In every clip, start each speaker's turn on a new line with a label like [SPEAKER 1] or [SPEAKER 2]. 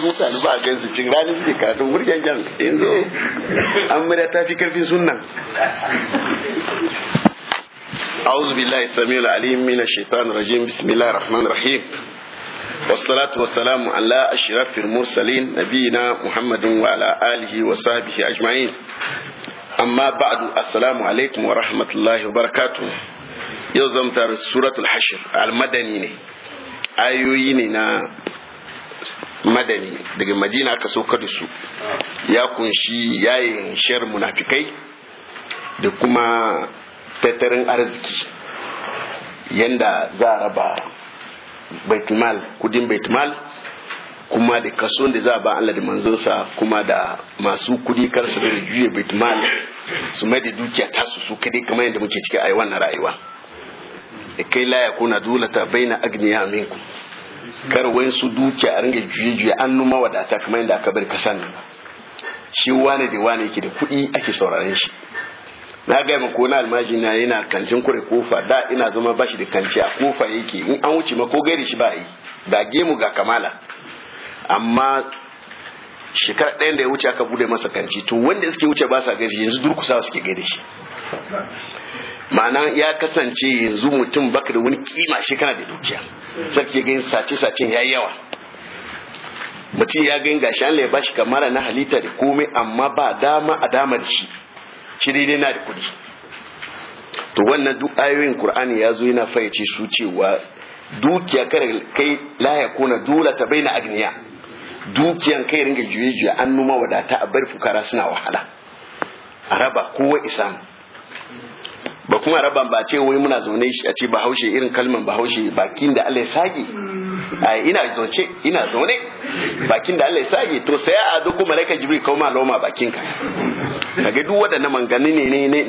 [SPEAKER 1] mutane ba a gan su cin rani suke karatu muryan jan yanzu an murya ta fi karfin sunnan أعوذ بالله السميع العليم من الشيطان الرجيم بسم الله الرحمن الرحيم والصلاة والسلام على أشرف المرسلين نبينا محمد وعلى آله وصحبه أجمعين أما بعد السلام عليكم ورحمة الله وبركاته يوزم تار سورة الحشر المدني أيويننا madani daga madina aka sauka da su ya kunshi yayin shar munafikai da kuma tattarin arziki yanda za a raba baitmal kudin baitmal kuma da kaso da za a ba Allah da manzansa kuma da masu kudi kar su da juye baitmal su mai da dukiya ta su dai kamar yadda muke ciki a wannan rayuwa da kai dole ta dulata baina agniya minku kar wansu su dukiya a ringa juye juye an numa wadata kamar yadda aka bar kasan nan shi wane da wani yake da kuɗi ake sauraren shi na ga ma ko na almaji na yana kancin kure kofa da ina zama bashi da kanci a kofa yake in an wuce ma ko gairi shi ba yi ga gemu ga kamala amma shekara ɗayan da ya wuce aka bude masa kanci to wanda suke wuce ba sa gaishe yanzu durkusa suke gaida shi ma'ana ya kasance yanzu mutum baka da wani kima shi kana da dukiya sarki gani sace sacen yi yawa mutum ya gani ga shan Allah ya bashi kamara na halitta da komai amma ba dama a damar shi shi dai na da kudi to wannan duk ayoyin Qur'ani ya zo yana fayyace su cewa dukiya kare kai laya kona dole ta bai na agniya dukiyan kai ringa juye juye an numa wadata a bar fukara suna wahala A raba kowa isa. ba kuma rabban ba ce wai muna zaune shi a ce bahaushe irin kalman bahaushe bakin da Allah ya sage ina zaune ina zaune bakin da Allah ya sage to sai a duk malaika jibril kawo ma loma bakin ka kaga duk wadannan mangani ne ne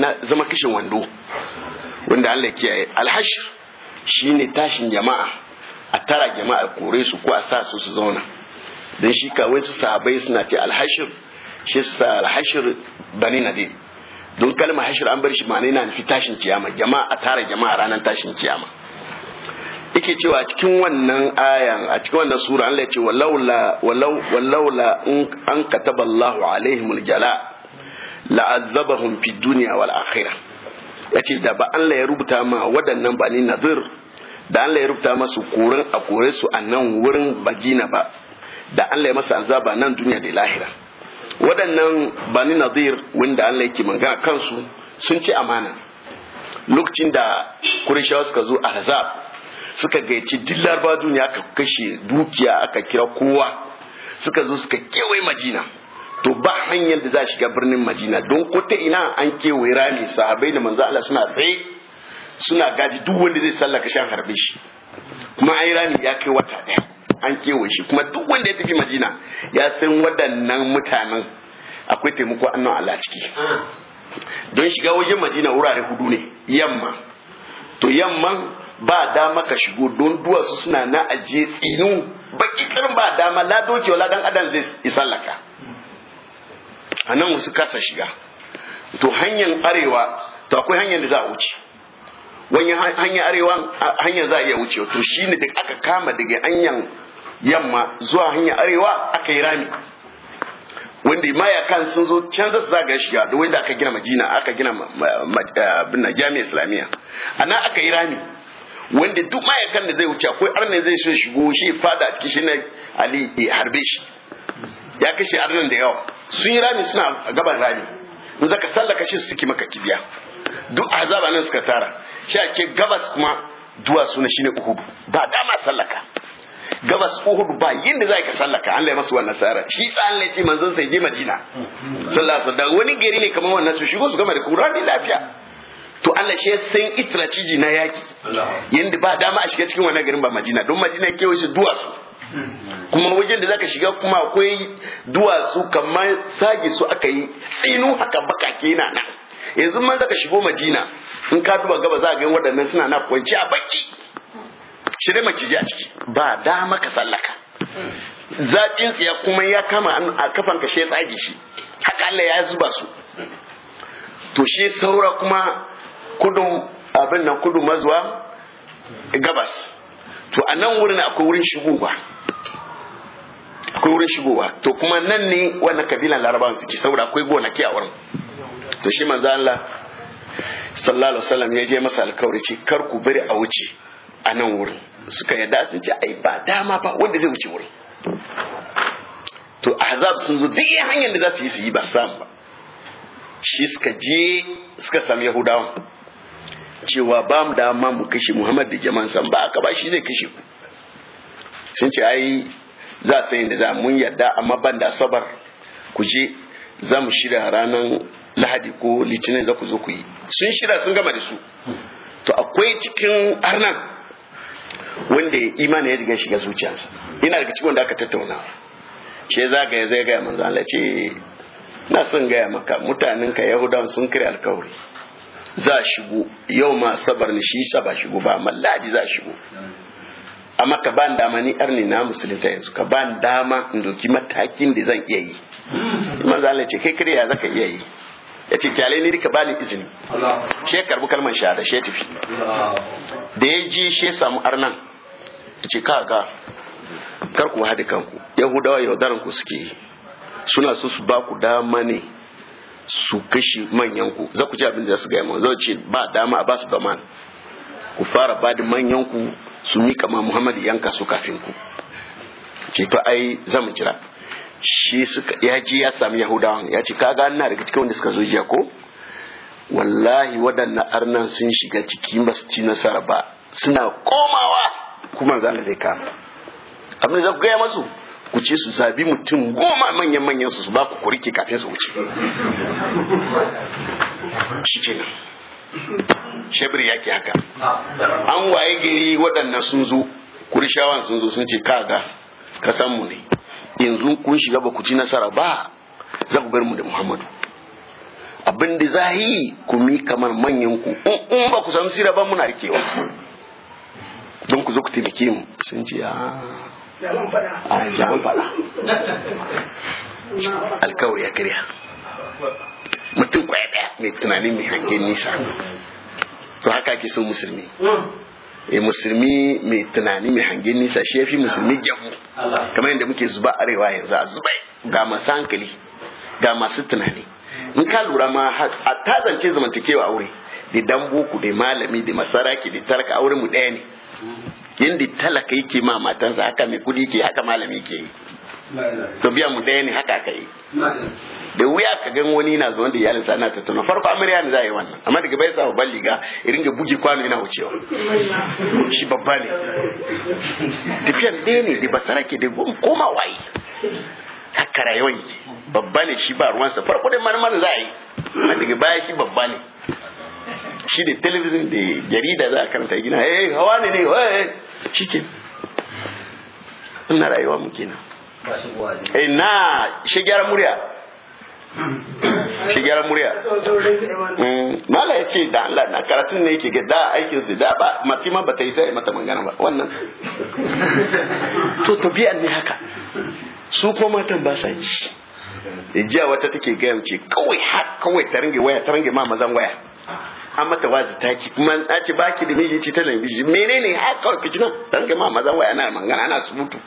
[SPEAKER 1] na zama kishin wando wanda Allah ya kiyaye alhashir shine tashin jama'a a tara jama'a kore su ko a sa su su zauna dan shi kawai su sahabbai suna ce alhashir shi sa alhashir bani nadir don kalma hashir an bar shi ma'ana yana nufi tashin kiyama jama'a a tara jama'a ranar tashin kiyama yake cewa a cikin wannan ayan a cikin wannan sura Allah ya ce walau la an kataba Allahu alaihimul jala la'azzabahum duniya dunya wal akhirah yace da ba Allah ya rubuta ma waɗannan ba ni nazir da Allah ya rubuta masu korin a kore su a nan wurin bagina ba da Allah ya masa azaba nan duniya da lahira waɗannan bani nadir wanda Allah yake magana kansu sun ci amana lokacin da kurishawa suka zo a hazab suka gaici dillar ba duniya aka kashe dukiya aka kira kowa suka zo suka kewaye majina to ba hanyar da za a shiga birnin majina don ko ta ina an kewaye rami sahabai da manzo Allah suna tsaye suna gaji duk wanda zai sallaka shan harbe shi kuma an yi rami ya kai wata ɗaya an kewa shi kuma duk wanda ya tafi madina ya san waɗannan mutanen akwai taimako annon Allah ciki don shiga wajen madina wurare hudu ne yamma to yamma ba dama ka shigo don duwatsu suna na ajiye tsinu baki kirin ba dama la doke wala dan adam zai isallaka a nan wasu kasa shiga to hanyar arewa to akwai hanyar da za a wuce wani hanyar arewa hanyar za a iya wuce to shine da aka kama daga hanyar yamma zuwa hanya arewa aka yi rami wanda mayakan sun zo can za su zaga shiga da wanda aka gina majina aka gina eh, binna jami'a islamiyya ana aka yi rami wanda duk mayakan da zai wuce akwai arnin zai so shigo shi fada a cikin shi na ali ya harbe shi ya kashe arnin da yawa sun yi rami suna gaban rami in zaka sallaka shi su suke maka kibiya duk azaba nan suka tara shi ake gabas kuma duwatsu na shine uhubu ba dama sallaka gabas Uhud ba yinda za ka sallaka Allah ya masu wannan sara shi sa Allah ya ce manzon sai je Madina sallallahu alaihi wasallam wani gari ne kamar wannan su shigo su gama da Qur'ani lafiya to Allah shi ya san na yaki yanda ba dama a shiga cikin wannan garin ba Madina don Madina kewaye shi duwatsu kuma wajen da zaka shiga kuma akwai duwatsu kamar sagi su aka yi tsinu haka bakake na nan yanzu man zaka shigo Madina in ka duba gaba za ga waɗannan suna na kwanci a baki cire maciji a ciki ba dama ka sallaka zaɓin tsiya kuma ya kama a kafan ka ya tsage shi haka Allah ya zuba su to shi saura kuma kudu abin nan kudu mazuwa gabas to a nan wurin akwai wurin shigowa akwai wurin shigowa to kuma nan ne wannan kabilan larabawan suke saboda akwai gonaki a wurin to shi manzo Allah sallallahu alaihi wasallam ya je masa alƙawari ce kar ku bari a wuce a nan wurin suka yarda sun ce ai ba dama ba wanda zai wuce wurin to ahzab sun zo duk hanyar da za su yi su yi ba samu ba shi suka je suka sami Yahudawa. cewa ba mu dama mu kashe muhammad da jama'an san ba aka ba shi zai kashe ku sun ce ai za su yi da za mun yarda amma ban da sabar ku je za mu shirya ranar lahadi ko litinin za ku zo ku yi sun shirya sun gama da su to akwai cikin arnan wanda imani ya shiga shiga zuciyarsa ina daga cikin wanda aka tattauna ce ya zai gaya manzo Allah na son gaya maka mutanen ka yahudawan sun kiri alkawari za shigo yau ma sabar ni shi sa ba shigo ba amma ladi za shigo amma ka ban dama ni arni na musulunta yanzu ka ban dama in doki matakin da zan iya yi manzo Allah ce kai karya ya zaka iya yi ya ce kyale ne ka bani izini shi karbi kalmar shahada shi tafi da ya ji shi samu arnan ya ce ka ga kar ku haɗe kanku yahudawa yaudaran ku suke yi suna so su ba ku dama ne su kashe manyan ku za ku ji abin da su gaya ma zai ce ba dama a ba su dama ku fara ba da manyan ku su mika ma muhammadu yanka su kafin ku ce to ai zamu jira shi suka ya ji ya sami yahudawan ya ce kaga na daga cikin wanda suka zo jiya ko wallahi waɗannan arnan sun shiga ciki ba su ci nasara ba suna komawa kuma zan zai kama abin za ku gaya masu ku ce su zabi mutum goma manyan manyan su ba ku kurike kafin su wuce shi ce nan shebir yaki haka an waye gari waɗannan sun zo kurshawan sun zo sun ce kaga kasanmu ne yanzu kun shiga ba ku ci nasara ba za ku bar mu da muhammadu abin da zahi ku mi kamar manyan ku in ba ku san sira ba muna rikewa don ku zo ku taimake mu sun ce a ah. jaman fada alkawar ya ah, kariya mutum kwaya daya mai tunani mai hangen nisa to haka ake so musulmi hmm. Eh, musulmi mai tunani mai hangen nisa shi ya fi musulmi jamu kamar yadda muke zuba arewa yanzu a zubai ga masu hankali ga masu tunani in ka lura ma a tazance zamantakewa aure da dan boko da malami da masaraki da tarka aure mu ɗaya ne yadda talaka yake ma matansa haka mai kudi ke haka malami ke yi to biya mu ɗaya ne haka ka yi da wuya ka gan wani na zuwa da iyalinsa ana tattauna farko amarya ne za a yi wannan amma daga bai sa babban liga irin ga buge kwano yana wucewa shi babba ne tafiyan ɗaya ne da basara ke da koma wayi haka rayuwan yake babba ne shi ba ruwansa farko dai marmarin za a yi amma daga baya shi babba ne shi da telebijin da jarida za a karanta gina eh hawa ne ne eh, eh. shi ke ina rayuwa mu kenan ina shigar murya shigar murya mm, mala ya ce da Allah na karatun ne yake da aikin su da ba matima ma ta yi sai mata mangana ba wannan to tabi'an ne haka su ko matan ba sa ji ijiya wata take gaya ce kawai har kawai ta ringe waya ta ringe ma mazan waya an mata wazi ki kuma an ce baki da miji ce ta lambi menene har kawai kicinan ta ringe ma mazan waya ana mangana ana surutu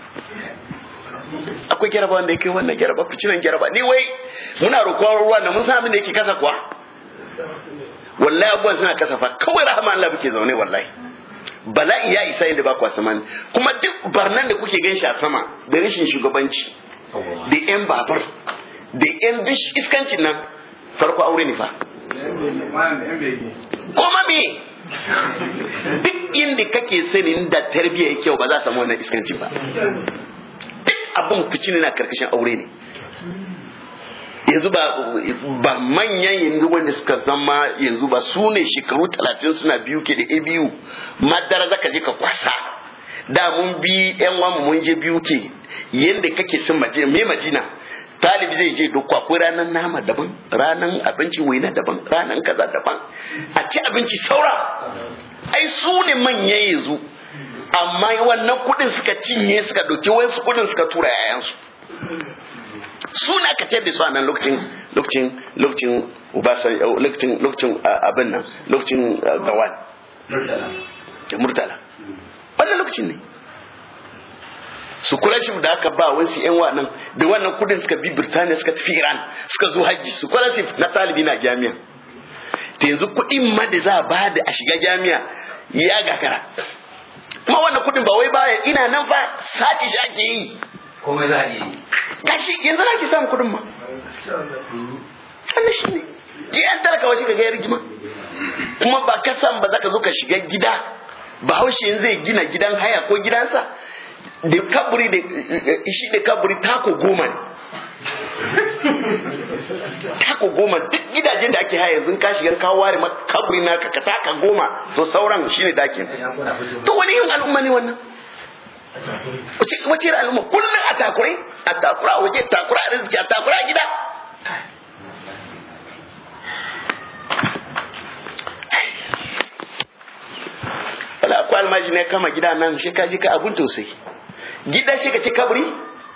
[SPEAKER 1] akwai gyaraba wanda yake wannan gyaraba ficinan gyaraba ni wai muna rukuwa ruwa na mun sa abin da yake kasa kuwa wallahi abubuwan suna kasa fa kawai rahama Allah buke zaune wallahi bala'i ya isa inda ba kwa saman kuma duk barnan da kuke gan a sama da rashin shugabanci da yan babar da yan dish iskancin nan farko aure ne fa kuma me duk inda kake sanin da tarbiyya kyau ba za a samu wannan iskancin ba abin ne na karkashin aure ne yanzu ba ba manyan yanzu wanda suka zama yanzu ba su ne shekaru talatin suna biyu ke da a biyu madara zaka je ka kwasa da mun bi yan wamu mun je biyu ke yadda kake sun majina me majina talibi zai je duk akwai ranar nama daban ranar abinci waina daban ranar kaza daban a ci abinci saura ai su ne manyan yanzu amma wannan kudin suka cinye suka doki wasu kudin suka tura yayansu suna ka da su a nan lokacin lokacin lokacin ubasa lokacin lokacin abin nan lokacin gawan da murtala wannan lokacin ne su kula shi da aka ba wasu yan nan da wannan kudin suka bi birtaniya suka tafi iran suka zo hajji su kula shi na talibi na jami'a ta yanzu kudin ma da za a ba da a shiga jami'a ya gagara kuma wannan kudin ba wai baya ina nan fa sati shi ake yi komai za a yi gashi yanzu za ki samu kudin ma shi ne ji an talaka wasu rigima kuma ba ka san ba za ka zo ka shiga gida ba haushe yanzu zai gina gidan haya ko gidansa da kaburi da eh, eh, shi da kaburi tako goma ne tako goma duk gidajen da ake haya yanzu ka shigar ka ware kaburi na ka taka goma to sauran shine dakin to wani yin al'umma ne wannan wace al'umma kullum a takurai a takura a waje takura a rizki a takura a gida wala akwai almaji ne kama gida nan shi ka ji ka abun tausayi gida shi ka ce kaburi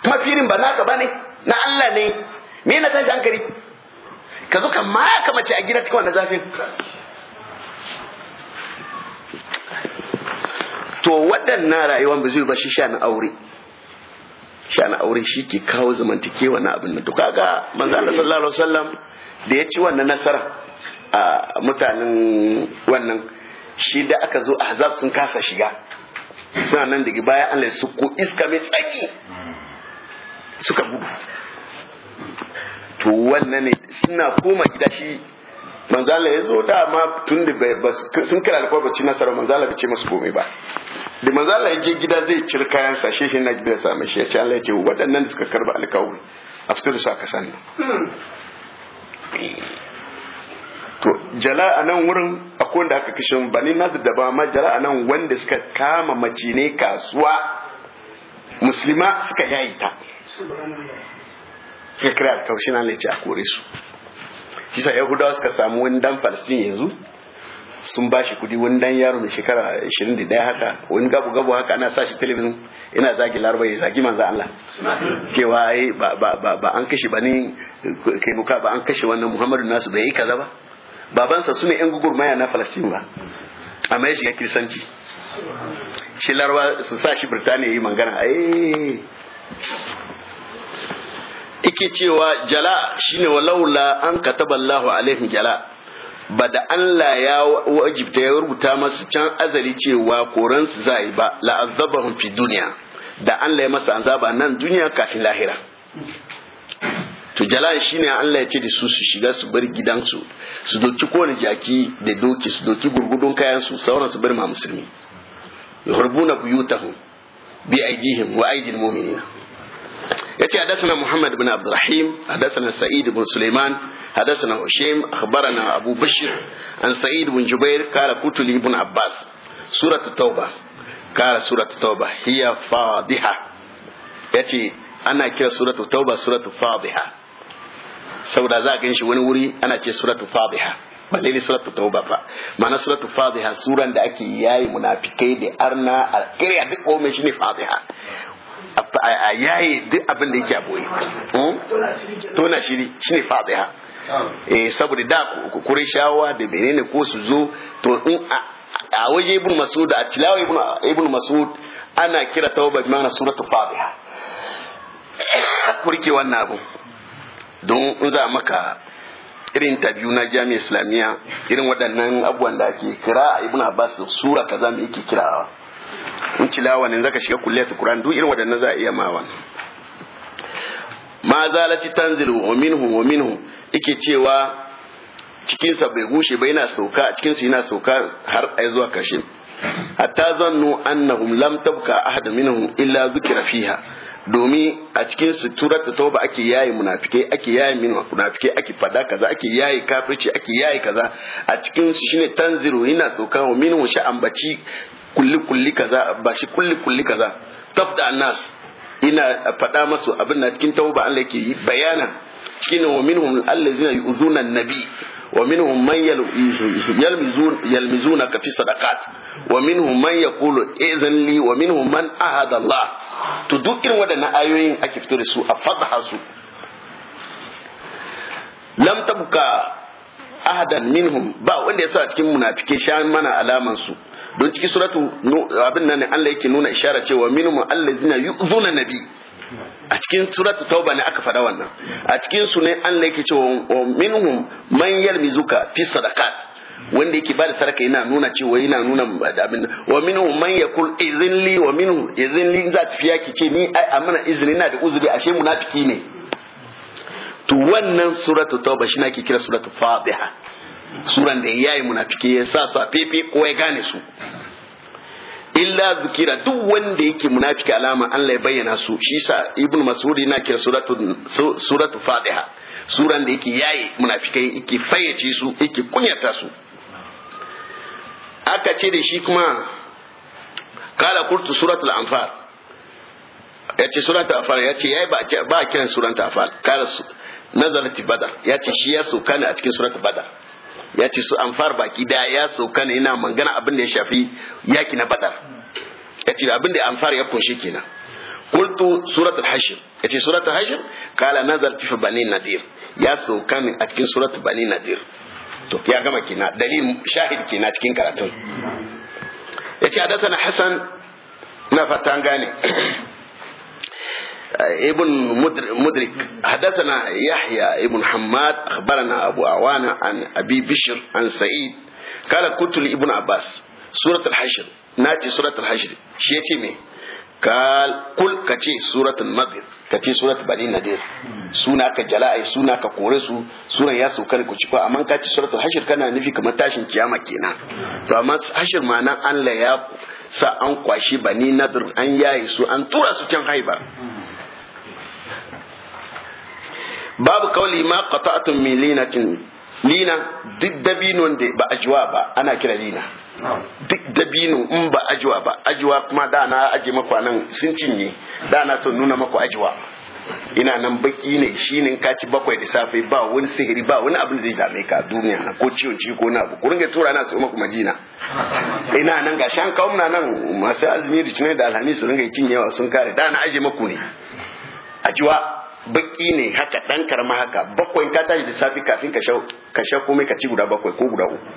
[SPEAKER 1] kuma ba naka ba ne na Allah ne me na tashi hankali ka zo ka ma ka mace a gida cikin wannan zafin to waɗannan rayuwar ba zai ba shi sha na aure sha na aure shi ke kawo zamantakewa na abin nan to kaga manzo Allah sallallahu alaihi wasallam da ya ci wannan nasara a mutanen wannan shi da aka zo ahzab sun kasa shiga suna nan daga baya Allah su ko iska mai tsaki. suka gudu to wannan ne suna koma gida shi manzala ya zo dama tun da sun kira da ba ci nasara manzala bai ce masu komai ba da manzala ya je gida zai cire kayan sashe shi na gida samun shi ya ce Allah ya ce waɗannan da suka karba alkawul a fito da su aka sani hmm. to jala a nan wurin akwai da aka kashe bani nasu da ba ma jala a nan wanda suka kama mace ne kasuwa musulma suka yayi ta suka kira alkawashin Allah ya ce a kore su kisa yahudawa suka samu wani dan falsin yanzu sun ba shi kudi wani dan yaro mai shekara 21 haka wani gabu gabu haka ana sa shi telebijin ina zagi laraba ya zagi manzo Allah cewa ai ba ba an kashe bani kai muka ba an kashe wannan Muhammadu nasu bai yi kaza ba babansa ne yan gugurmaya na Palestine ba a mai shiga Kirsanci. shi laraba su sa shi Birtaniya yi mangana ai ike cewa jala shine laula an kataba Allahu alaihim jala ba da Allah ya wajibta ya rubuta masu can azali cewa koransu za yi ba la'azzabahum fi duniya da Allah ya masa azaba nan duniya kafin lahira to jala shine Allah ya ce da su su shiga su bar gidansu su doki kowane jaki da doki su doki gurgudun kayan su sauran su bar ma musulmi yuharbuna buyutahum bi aidihim wa aidil mu'minina yace hadathana muhammad bin abdurrahim hadathana sa'id bin sulaiman hadathana hushaym akhbarana abu bishr an sa'id bin jubair qala kutuli bin abbas suratu tauba qala suratu tauba hiya fadiha yace ana kira suratu tauba suratu fadiha saboda za a gan shi wani wuri ana ce suratu fadiha ba lalle suratu tauba ba ma'ana suratu fadiha suran da ake yayi munafikai da arna a kiriya duk komai shine fadiha a yaye duk abin da yake aboye boye hmm? tona shiri shine fadiha eh saboda da kurishawa da menene ko su zo to in a waje ibn masud a tilawa ibn masud ana kira tauba bi ma'ana suratul fadiha kurke wannan abu don in za maka irin interview na jami'a islamiyya irin waɗannan abubuwan da ake kira ibn abbas sura kaza me yake kirawa in cilawa ne zaka shiga kulliyatul qur'an duk irin wadannan za a iya ma wannan ma zalati tanzilu wa minhu wa minhu yake cewa cikin sa bai gushe ba yana sauka cikin su yana sauka har ai zuwa kashe hatta zannu annahum lam tabka ahad minhum illa zikra fiha domin a cikin turar ta tauba ake yayi munafike ake yayi munafike ake fada kaza ake yayi kafirci ake yayi kaza a cikin su shine tanziru yana sauka wa minhu sha'an kulli kulli kaza ba shi kulli kulli kaza tafda annas ina faɗa masu abin na cikin tauba Allah yake yi bayana cikin wa minhum allazina yu'zuna nabi wa minhum man yalmizuna ka fi sadaqat wa minhum man yaqulu idhan li wa minhum man ahada Allah to duk irin ayoyin ake fitar da su a fadhasu lam tabka ahadan minhum ba wanda yasa a cikin munafike sha mana alaman su don ciki suratu abin nan ne Allah yake nuna ishara cewa minhum allazina yu'zuna nabi a cikin suratu tauba ne aka faɗa wannan a cikin su ne Allah yake cewa minhum man yalmizuka fi sadaqat wanda yake da saraka yana nuna cewa yana nuna abin wa minhum man yakul idhin li wa minhum idhin li za ta fiya ki ce ni ai amana izini na da uzuri ashe munafiki ne to wannan suratu tauba shi ake kira suratu fadiha suran da yi munafiki ya sa sa fefe ko ya gane su illa zikira duk wanda yake munafiki alama Allah ya bayyana su shi sa ibnu mas'ud yana kira suratu suratu fadiha suran da yake yayi munafikai yake fayyace su yake kunyata su aka ce da shi kuma kala kurtu suratul anfal ya ce suratul anfal ya ce yayi ba ba kiran suratul anfal kala nazarati badar ya ce shi ya sauka ne a cikin surat badar ya ce su an fara baki da ya sauka ne yana mangana abin da ya shafi yaki na badar ya ce abin da ya fara ya kunshi kenan qultu surat al hashir ya ce surat al kala nazarati fi bani nadir ya sauka ne a cikin surat bani nadir to ya gama kenan dalil shahid kenan cikin karatun ya ce hadasa na hasan na fatan gane ابن مدرك حدثنا يحيى ابن حماد أخبرنا أبو أوانا عن أبي بشر عن سعيد قال قلت لابن عباس سورة الحشر ناتي سورة الحشر شيتي مي قال قل كتي سورة المغرب كتي سورة بني نذير سونا كجلاء سونا كقرسو سورة ياسو كان كتشكوا أما كتي سورة الحشر كان نفي كما تاشن كياما كينا فأما الحشر معنا أن لا يا sa an kwashi bani nadir an yaye su an tura su can haibar babu kawali ma qata'tum min linatin lina duk dabinon da ba ajuwa ba ana kira lina duk dabino in ba ajuwa ba ajuwa kuma da na aje maka nan sun cinye da na son nuna maka ajuwa ina nan baki ne shi ne ka ci bakwai da safe ba wani sihiri ba wani abin da zai dame ka duniya na ko ciwon ciki ko na ku ringa tura na su maku madina ina nan ga shan kawo na nan masu azumi da cinai da alhamis su ringa cinyewa sun kare da na aje maku ne ajuwa baki ne haka dan karama haka bakwai ka tashi da safi kafin ka sha komai ka ci guda bakwai ko guda uku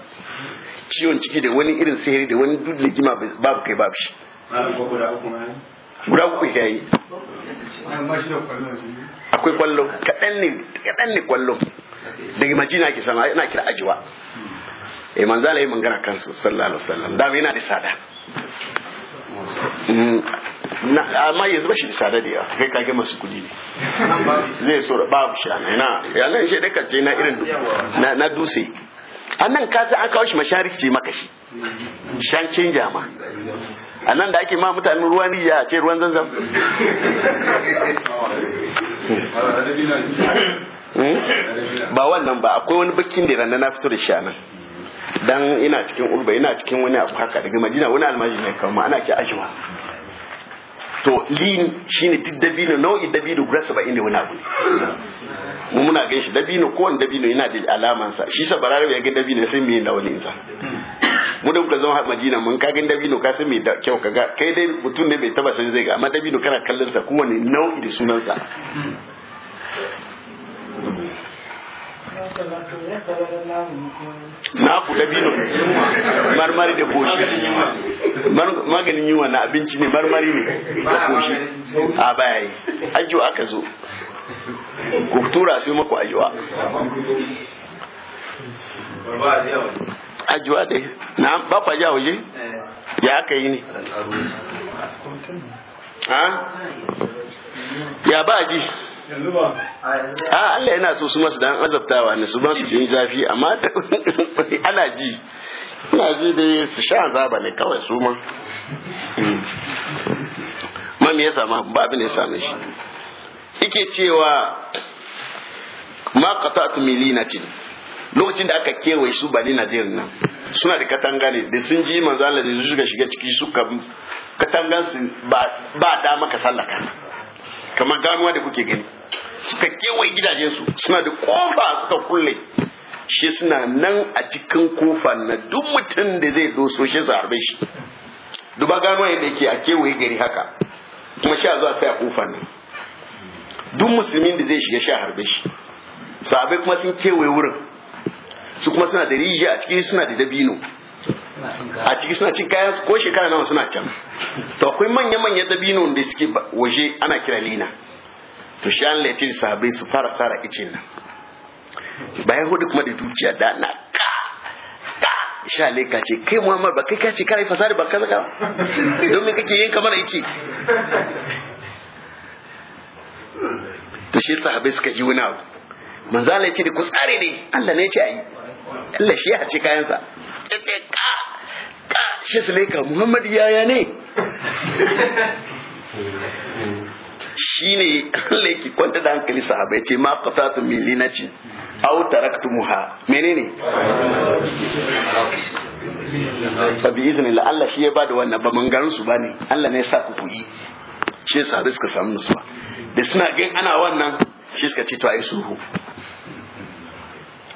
[SPEAKER 1] ciwon ciki da wani irin sihiri da wani dudle gima babu kai babu shi guda uku ya yi akwai kwallo kaɗan ne kwallo daga majina ke sama ina kira ajiwa eh manzala yi mangana kansu sallallahu alaihi wasallam dama yana da sada mm. amma yanzu ba shi da sada da yawa kai kage masu kudi ne zai so da babu shi ana yana yana shi da kace na irin na na dutse annan ka sai an kawo shi mashariki ce maka shi shan canja ma annan da ake ma mutanen ruwan riya a ce ruwan zanzam hmm? ba wannan ba akwai wani bakin da ranar na fito da shi anan dan ina cikin ulba ina cikin wani abu haka daga majina wani almajina ne kama ana ke ajwa to lin shine duk dabino nau'i dabino guda saba'in inda wani abu ne mu muna gan shi dabino ko wani dabino yana da alaman sa shi sa bararabe ya ga dabino sai me launin wani sa mu da muka zama madina mun ka gan dabino ka san me da kyau kaga kai dai mutum ne bai taba sani zai ga amma dabino kana kallon sa kowane nau'i da sunan na ku dabino marmari da koshi maganin yunwa na abinci ne marmari ne da koshi a bayayi ajiyo aka zo ku tura sai maku ajiwa ajiwa dai na bafa ku waje ya aka yi ne ya ba ji
[SPEAKER 2] a
[SPEAKER 1] Allah yana so su masu dan azabtawa ne su su jin zafi amma ana ji ina ji da su sha azaba ne kawai su ma hmm. ma me ya sama babu ne same shi ike cewa mili na milinatin lokacin da aka kewaye su bani jirin nan suna da katanga ne da sun ji manzala da su shiga ciki suka katangansu su ba dama ka sallaka kamar ganuwa da kuke gani suka kewaye gidajensu suna da kofa suka kulle shi suna nan a cikin kofa na duk mutum da zai doso shi su harbe shi duba ganuwa yadda yake a kewaye gari haka kuma sha zuwa sai a kofa ne duk musulmin da zai shiga sha harbe shi sabai kuma sun kewaye wurin su kuma suna da rijiya a cikin suna da dabino a ciki suna cin kayan ko shekara nawa suna can to akwai manya-manya dabino da suke waje ana kira lina to shi an laifin sahabai su fara sara icin nan bayan hudu kuma da dukiya da na ka ka sha leka ce kai muhammad ba kai ka ce fasari ba ka zaka don me kake yin kamar ice to shi sahabai suka ji wani abu manzo Allah ya ce da ku tsare ne Allah ne ya ce ai Allah shi ya ce kayansa ka shi shi sulaika muhammadu yaya ne shi ne Allah kwanta da hankali sahabai ce ma qatatu min linatin aw muha menene fa bi iznillah Allah shi ya bada wannan ba garin su ba ne, Allah ne ya sa ku yi shi sahabai suka samu nutsuwa da suna gan ana wannan shi suka ce to ayi sulhu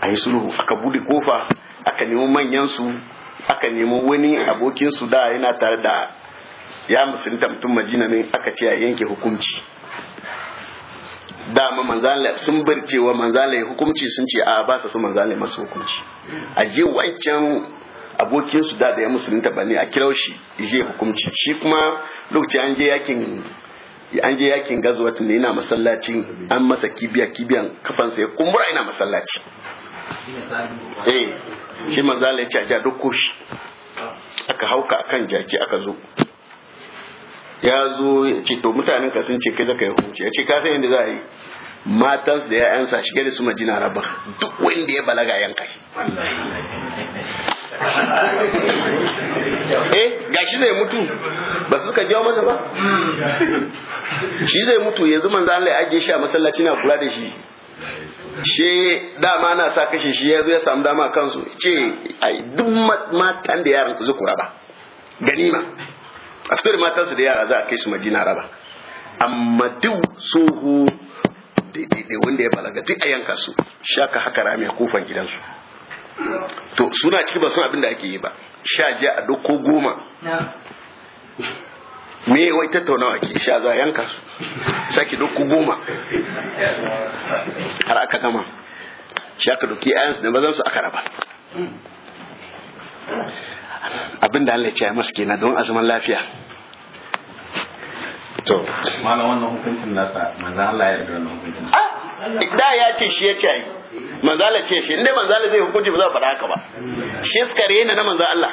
[SPEAKER 1] ayi sulhu aka bude kofa aka nemi manyan su aka nemo wani abokin su da yana tare da ya musulunta mutum majina ne aka ce a yanke hukunci dama manzala sun bar cewa manzala ya hukunci sun ce a ba su manzala masu hukunci a je wancan abokin su da ya musulunta ne a kira shi je hukunci shi kuma lokacin an je yakin an je yakin gazuwat ne yana masallaci an masa kibiya kibiyan kafansa ya kumbura yana masallaci shi manzala ya ce a ja dukko shi aka hauka akan jaki aka zo ya zo ya ce to mutanen ka sun ce kai zaka yi hukunci ya ce ka san inda za a yi matansu da ya'yansa shige da su majina rabar duk wanda ya balaga kai. eh gashi zai mutu ba su suka jawo masa ba hmm. shi zai mutu yanzu manzo Allah ya ajiye shi a masallaci na kula da shi she dama na sa kashe shi ya zo ya samu dama kansu ce ai duk matan da yaran zuku raba ganima a fitar matan su da yara za a kai su madina raba amma duk soho da wanda ya balaga duk a yanka su shaka haka rami a kofar gidansu to suna ciki ba sun abin da ake yi ba sha jiya a ko goma me wai tattaunawa ke sha za yanka su saki dukku goma har aka gama shi aka duki ayansu da bazan su aka raba abin da Allah ya maske na don azuman lafiya to mana wannan hukuncin nasa manza Allah ya yarda wannan hukuncin ah da ya ce shi ya ce ai Manzala ce shi inda Manzala zai hukunci ba za a faɗa haka ba shi suka rena na manzo Allah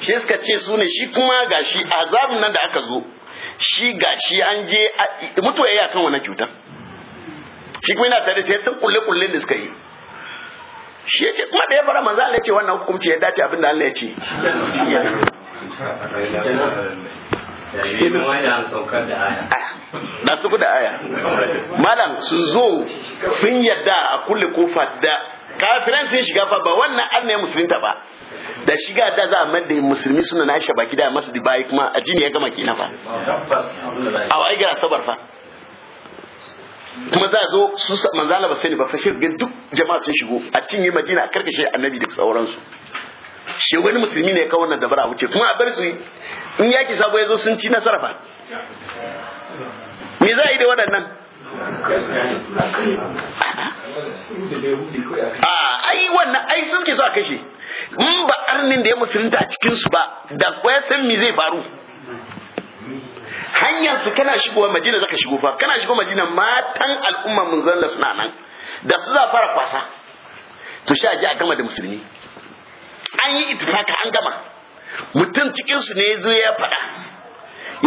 [SPEAKER 1] shi suka ce su ne shi kuma gashi azabin nan da aka zo shi gashi an je mutuwa ya kan wannan cutar. shi kuma yana tare da sai kulle kulle da suka yi shi ya ce kuma da ya fara manzo Allah ya ce wannan hukumci ya dace abin da Allah ya ce da su da aya malam su zo sun yadda a kulle kofa da kafiran sun shiga fa ba wannan an ne musulunta ba da shiga da za a mai da musulmi suna na shi baki da masu dibayi kuma a jini ya gama kina fa a wai gara sabar fa kuma za a zo su manzana ba sani ba fashe shi duk jama'a sun shigo a cinye madina a karkashe annabi da sauransu shi wani musulmi ne ka wannan dabara wuce kuma a bar su in yaki sabo zo sun ci nasara fa me za a yi da waɗannan a ai wannan ai suke so a kashe in ba arnin da ya musulunta a cikinsu ba da kwaya san me zai faru hanyar su kana shigowa majina zaka shigo fa kana shigo majina matan al'umma mun zalla suna nan da su za fara kwasa to sha ji a gama da musulmi an yi ittifaka an gama mutum cikin su ne zo ya faɗa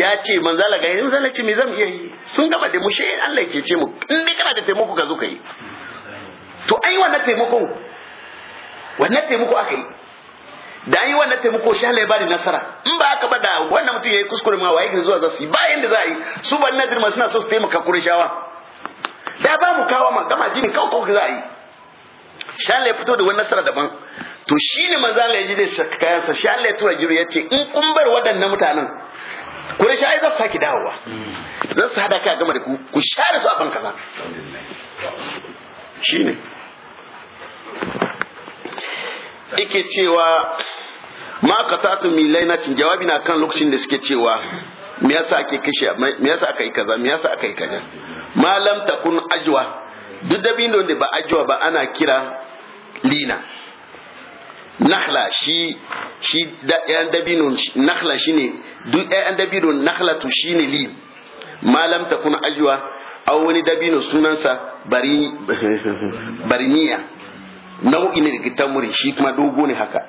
[SPEAKER 1] ya ce manzala ga yin Allah ce me zan iya yi sun gama da mu shi Allah ke ce mu in kana da taimako ka zo ka yi to ai wannan taimako. wannan taimako aka yi da yi wannan taimako shi Allah ya bada nasara in ba aka ba da wannan mutum yayi kuskure ma waye gari zuwa za su yi ba yanda za a yi su ban na dirma suna so su taimaka kurishawa da ba mu kawo ma gama jini kawo kawo za a yi shi Allah ya fito da wannan nasara daban to shine manzo Allah ya ji zai saka kayansa shi Allah ya tura jiru ya ce in kun bar waɗannan mutanen kurishawa za su saki dawowa za su hada kai gama da ku ku share su a ban kaza shine ike cewa ma qatatu min lainatin jawabi na kan lokacin da suke cewa me yasa ake kashe me yasa aka yi kaza me yasa aka yi kaza Malam lam takun ajwa duk da bin da ba ajwa ba ana kira lina nakhla shi shi ɗayan dabino nakhla shine duk ɗayan dabino nakhlatu shine li malam ta kuna Ajwa aw wani dabino sunansa bari bariniya nau'i ne daga tamurin shi kuma dogo ne haka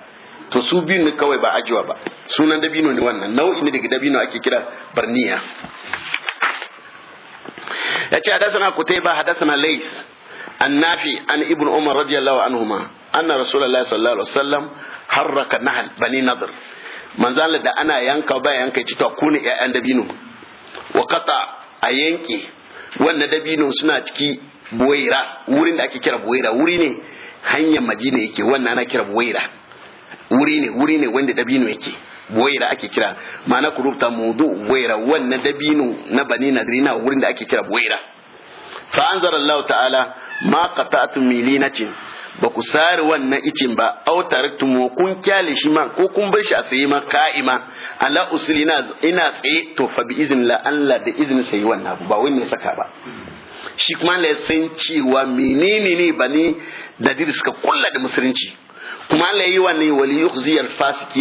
[SPEAKER 1] to su biyu ne kawai ba ajiwa ba sunan dabino ne wannan nau'i ne daga dabino ake kira barniya ya ce hadasana kutaiba hadasana lais nafi an ibn umar radiyallahu anhuma anna rasulullahi sallallahu alaihi wasallam harraka nahal bani nadr manzala da ana yanka ba yanka ci to ku ne ƴaƴan dabino wa qata a yanke wannan dabino suna ciki buwaira wurin da ake kira buwaira wuri ne hanyar majina yake wannan ana kira buwaira wuri ne wuri ne wanda dabino yake buwaira ake kira ma'ana ku rubuta mudu buwaira wannan dabino na bani nadiri na wurin da ake kira buwaira fa anzara Allah ta'ala ma qata'tum milinatin ba ku sare wannan icin ba au mu kun kyale shi ma ko kun bar shi a sayi ma ka'ima ala usulina ina tsaye to fa bi iznillah Allah da iznin sai wannan ba Wani ne saka ba shi kuma Allah ya san cewa menene ne bani dadir suka kulla da musulunci kuma Allah ya yi wa ne wali yukhzi al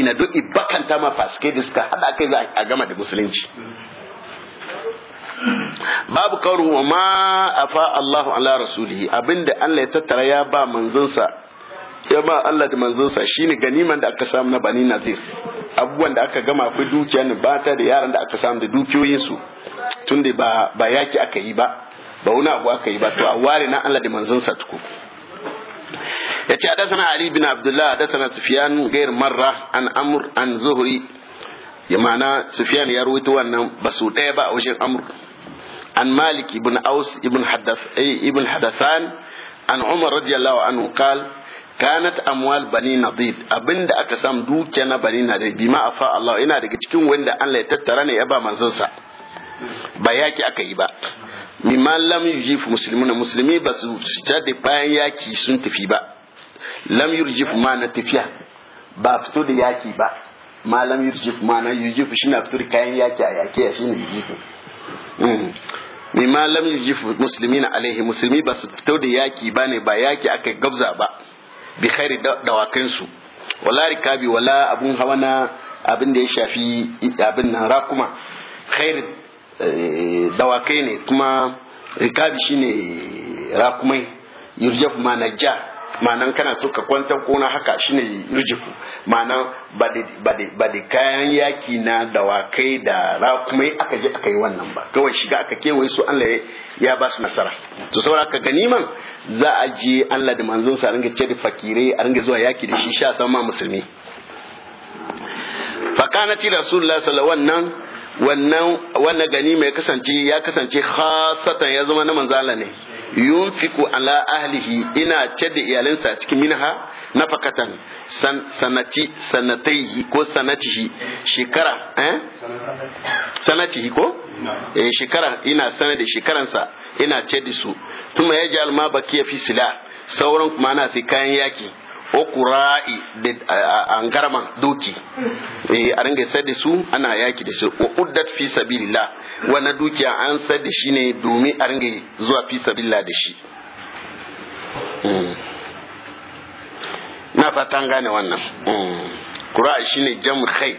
[SPEAKER 1] na duk ibakanta ma fasike da suka hada kai a gama da musulunci babu kauru wa ma afa Allah ala rasulihi abinda Allah ya tattara ya ba manzonsa ya ba Allah da manzonsa shine ganiman da aka samu na Bani nazir abubuwan da aka gama akwai dukiyar ta da yaran da aka samu da dukiyoyinsu tunda ba ba yaki aka yi ba ba wani abu aka yi ba to a ware na Allah da sa tuku ya ce sana ali bin abdullah sana sufyan gair marra an amr an zuhri ya ma'ana sufyan ya rawaito wannan ba su daya ba a wajen amr an malik ibn aus ibn hadath eh, ibn hadathan an umar radiyallahu anhu qala kanat amwal bani nadid abinda aka sam dukiya na bani nadid bima afa Allah ina daga cikin wanda Allah ya tattara ne ya ba manzon sa ba yaki aka yi ba mimman lam yujif muslimuna musulmi ba su da bayan yaki sun tafi ba lam yujif ma na tafiya ba fito da yaki ba ma lam yurjif ma na yujif shi na fito da kayan yaki a yaki shi ne yujif hmm. mimma lam yujif muslimina alaihi musulmi ba su fito da yaki ba ne ba yaki aka gabza ba bi khairi dawakan su wala rikabi wala abun hawa na abin da ya shafi abin nan rakuma khairi Eh, dawakai ne kuma rikabi shine rakumai yurjaf ma ja, ma'anan kana so ka kwanta kona haka shine yurjifu ma'ana ba da kayan yaki na dawakai da rakumai aka je aka yi wannan ba kawai shiga aka kewaye su Allah ya ba su nasara to saboda ka gani man, za a je Allah da manzon sa ringa ce da fakirai a ringa zuwa yaki da shi sha sama musulmi fa kanati rasulullah sallallahu alaihi wasallam wannan wannan gani mai kasance ya kasance khasatan ya zama na manzala ne yunfiku ala ahlihi ina ce iyalinsa cikin minha nafakatan san sanati sanatai ko sanatihi shekara eh sanatihi ko eh shekara ina sanar da shekaransa ina ce su kuma ya ji alma bakiya fi sila sauran kuma ana sai kayan yaki okura'i da angarman doki hmm. eh, a ringa sai da su ana yaki da su wa uddat fi sabilillah wannan dukiya an sai da shi ne domin a ringa zuwa fi sabilillah da shi hmm. na fatan gane wannan hmm. kura'i shine jam khair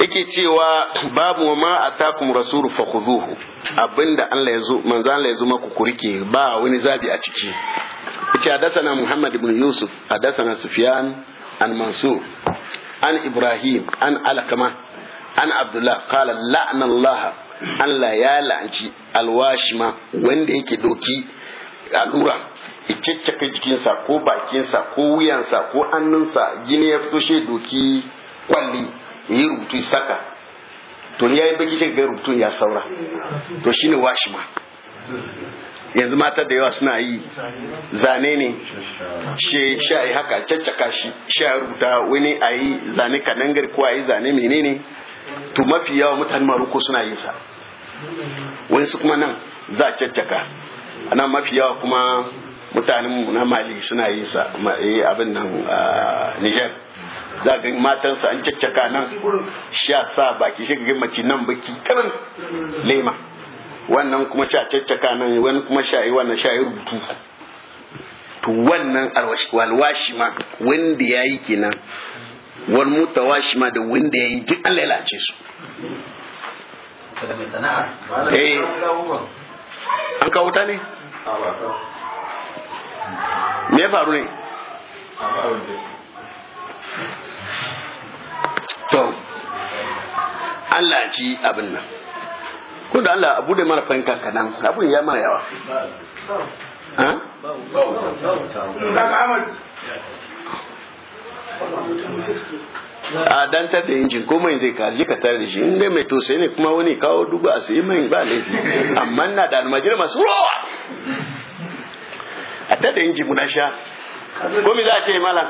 [SPEAKER 1] yake cewa babu wa ma atakum fa fakhuzuhu abinda Allah ya zo manzo Allah ya zo maku kurike ba wani zabi a ciki yace na Muhammad ibn Yusuf na Sufyan an Mansur an Ibrahim an Alakama, an Abdullah qala la'na Allah la ya la'anci alwashima wanda yake doki alura icaccaka jikinsa ko bakinsa ko wuyansa ko annunsa gini ya fito shi doki kwalli yi rubutu saka to ya yi baki shi ga rubutu ya saura to shine washima yanzu mata da yawa suna yi zane ne she sha yi haka caccaka shi sha rubuta wani a yi zane gari ko ayi yi zane menene to mafi yawa mutane maroko suna yi sa wani su kuma nan za a caccaka ana mafi yawa kuma mutanen na mali suna yi sa eh, abin nan niger za ga matansa an caccaka nan sha sa baki shi ga nan baki karan lema wannan kuma sha caccaka nan wani kuma sha yi wannan sha yi rubutu to wannan alwashi ma wanda ya yi kenan wani washi ma da wanda ya yi duk an lalace su eh, an kawo ta ne me faru ne to Allah ci abin nan ko da Allah abu da mana fahimta ka nan abun ya mana yawa a dan tar da injin komai zai ka je ka tare da shi in mai tosai ne kuma wani kawo dubu a sayi mai ba laifi amma na da almajiri masu rowa a tar da injin guda sha ko mi za a ce malam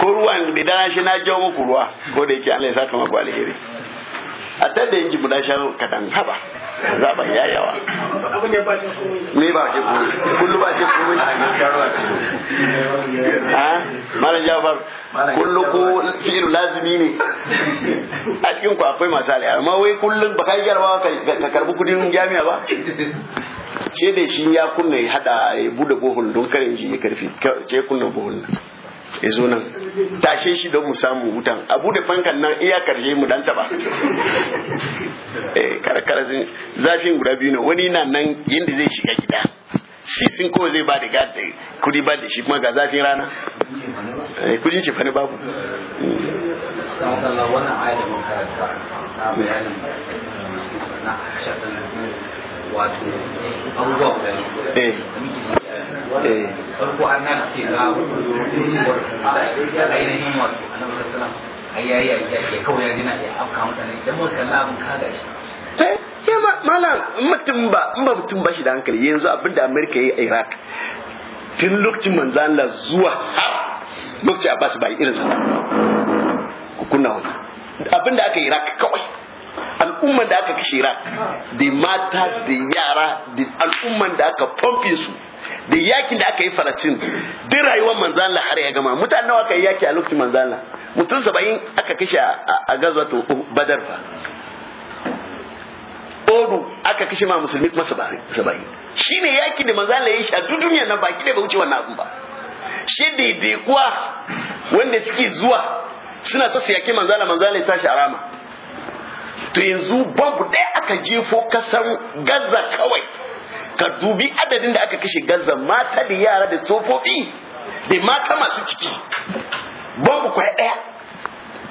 [SPEAKER 1] ko ruwan da dana shi na jawo muku ruwa ko da yake Allah ya saka maku alheri a ta da yanki guda sha kadan haba zaba ya yawa me ba ke kuma kullu ba ce kuma ha malam jafar kullu ko fi'il lazimi ne a cikin ku akwai masu alai amma wai kullun ba kai garba ka karbi kudin jami'a ba ce da shi ya kunne hada bude bohun don kare shi ya karfi ce bohun bohol ya zo nan tashe shi don mu samu hutan abu da fankan nan iya karshe mu dan taba eh zafin guda biyu ne wani na nan yadda zai shiga gida shi sun ko zai ba da gada eh, kudi ba da shi kuma ga zafin rana eh, kudin ce fani babu wannan
[SPEAKER 2] wato abubuwa guda ne eh. eh. eh. farko an na ce ga cewar a
[SPEAKER 1] ainihin wato annabi sallallahu alaihi ya yi ya kawai ya gina ya afka mutane idan muka kalla abin kaga shi sai malam mutum ba in ba mutum ba shi da hankali yanzu abinda Amerika ya yi a Iraq tun lokacin manzan Allah zuwa har lokacin Abbas ba yi irin sa ku kunna wannan abinda aka yi Iraq kawai al'umman da aka kashe da mata da yara da al'umman da aka pompe su da yakin da aka yi faracin da rayuwar manzala har ya gama mutane nawa aka yi yaki a lokacin manzala mutum saba'in aka kashe a ta badar fa odu aka kashe ma musulmi kuma saba'in ne yaki da manzala ya yi shi a duk duniya na baki da ba wuce wannan abin ba shi daidaikuwa wanda suke zuwa suna so su yaki manzala manzala ya tashi rama to yanzu babu ɗaya aka jefo kasan gaza kawai ka dubi adadin da aka kashe gaza mata da yara da tsofaffi da mata masu ciki babu kwaya ɗaya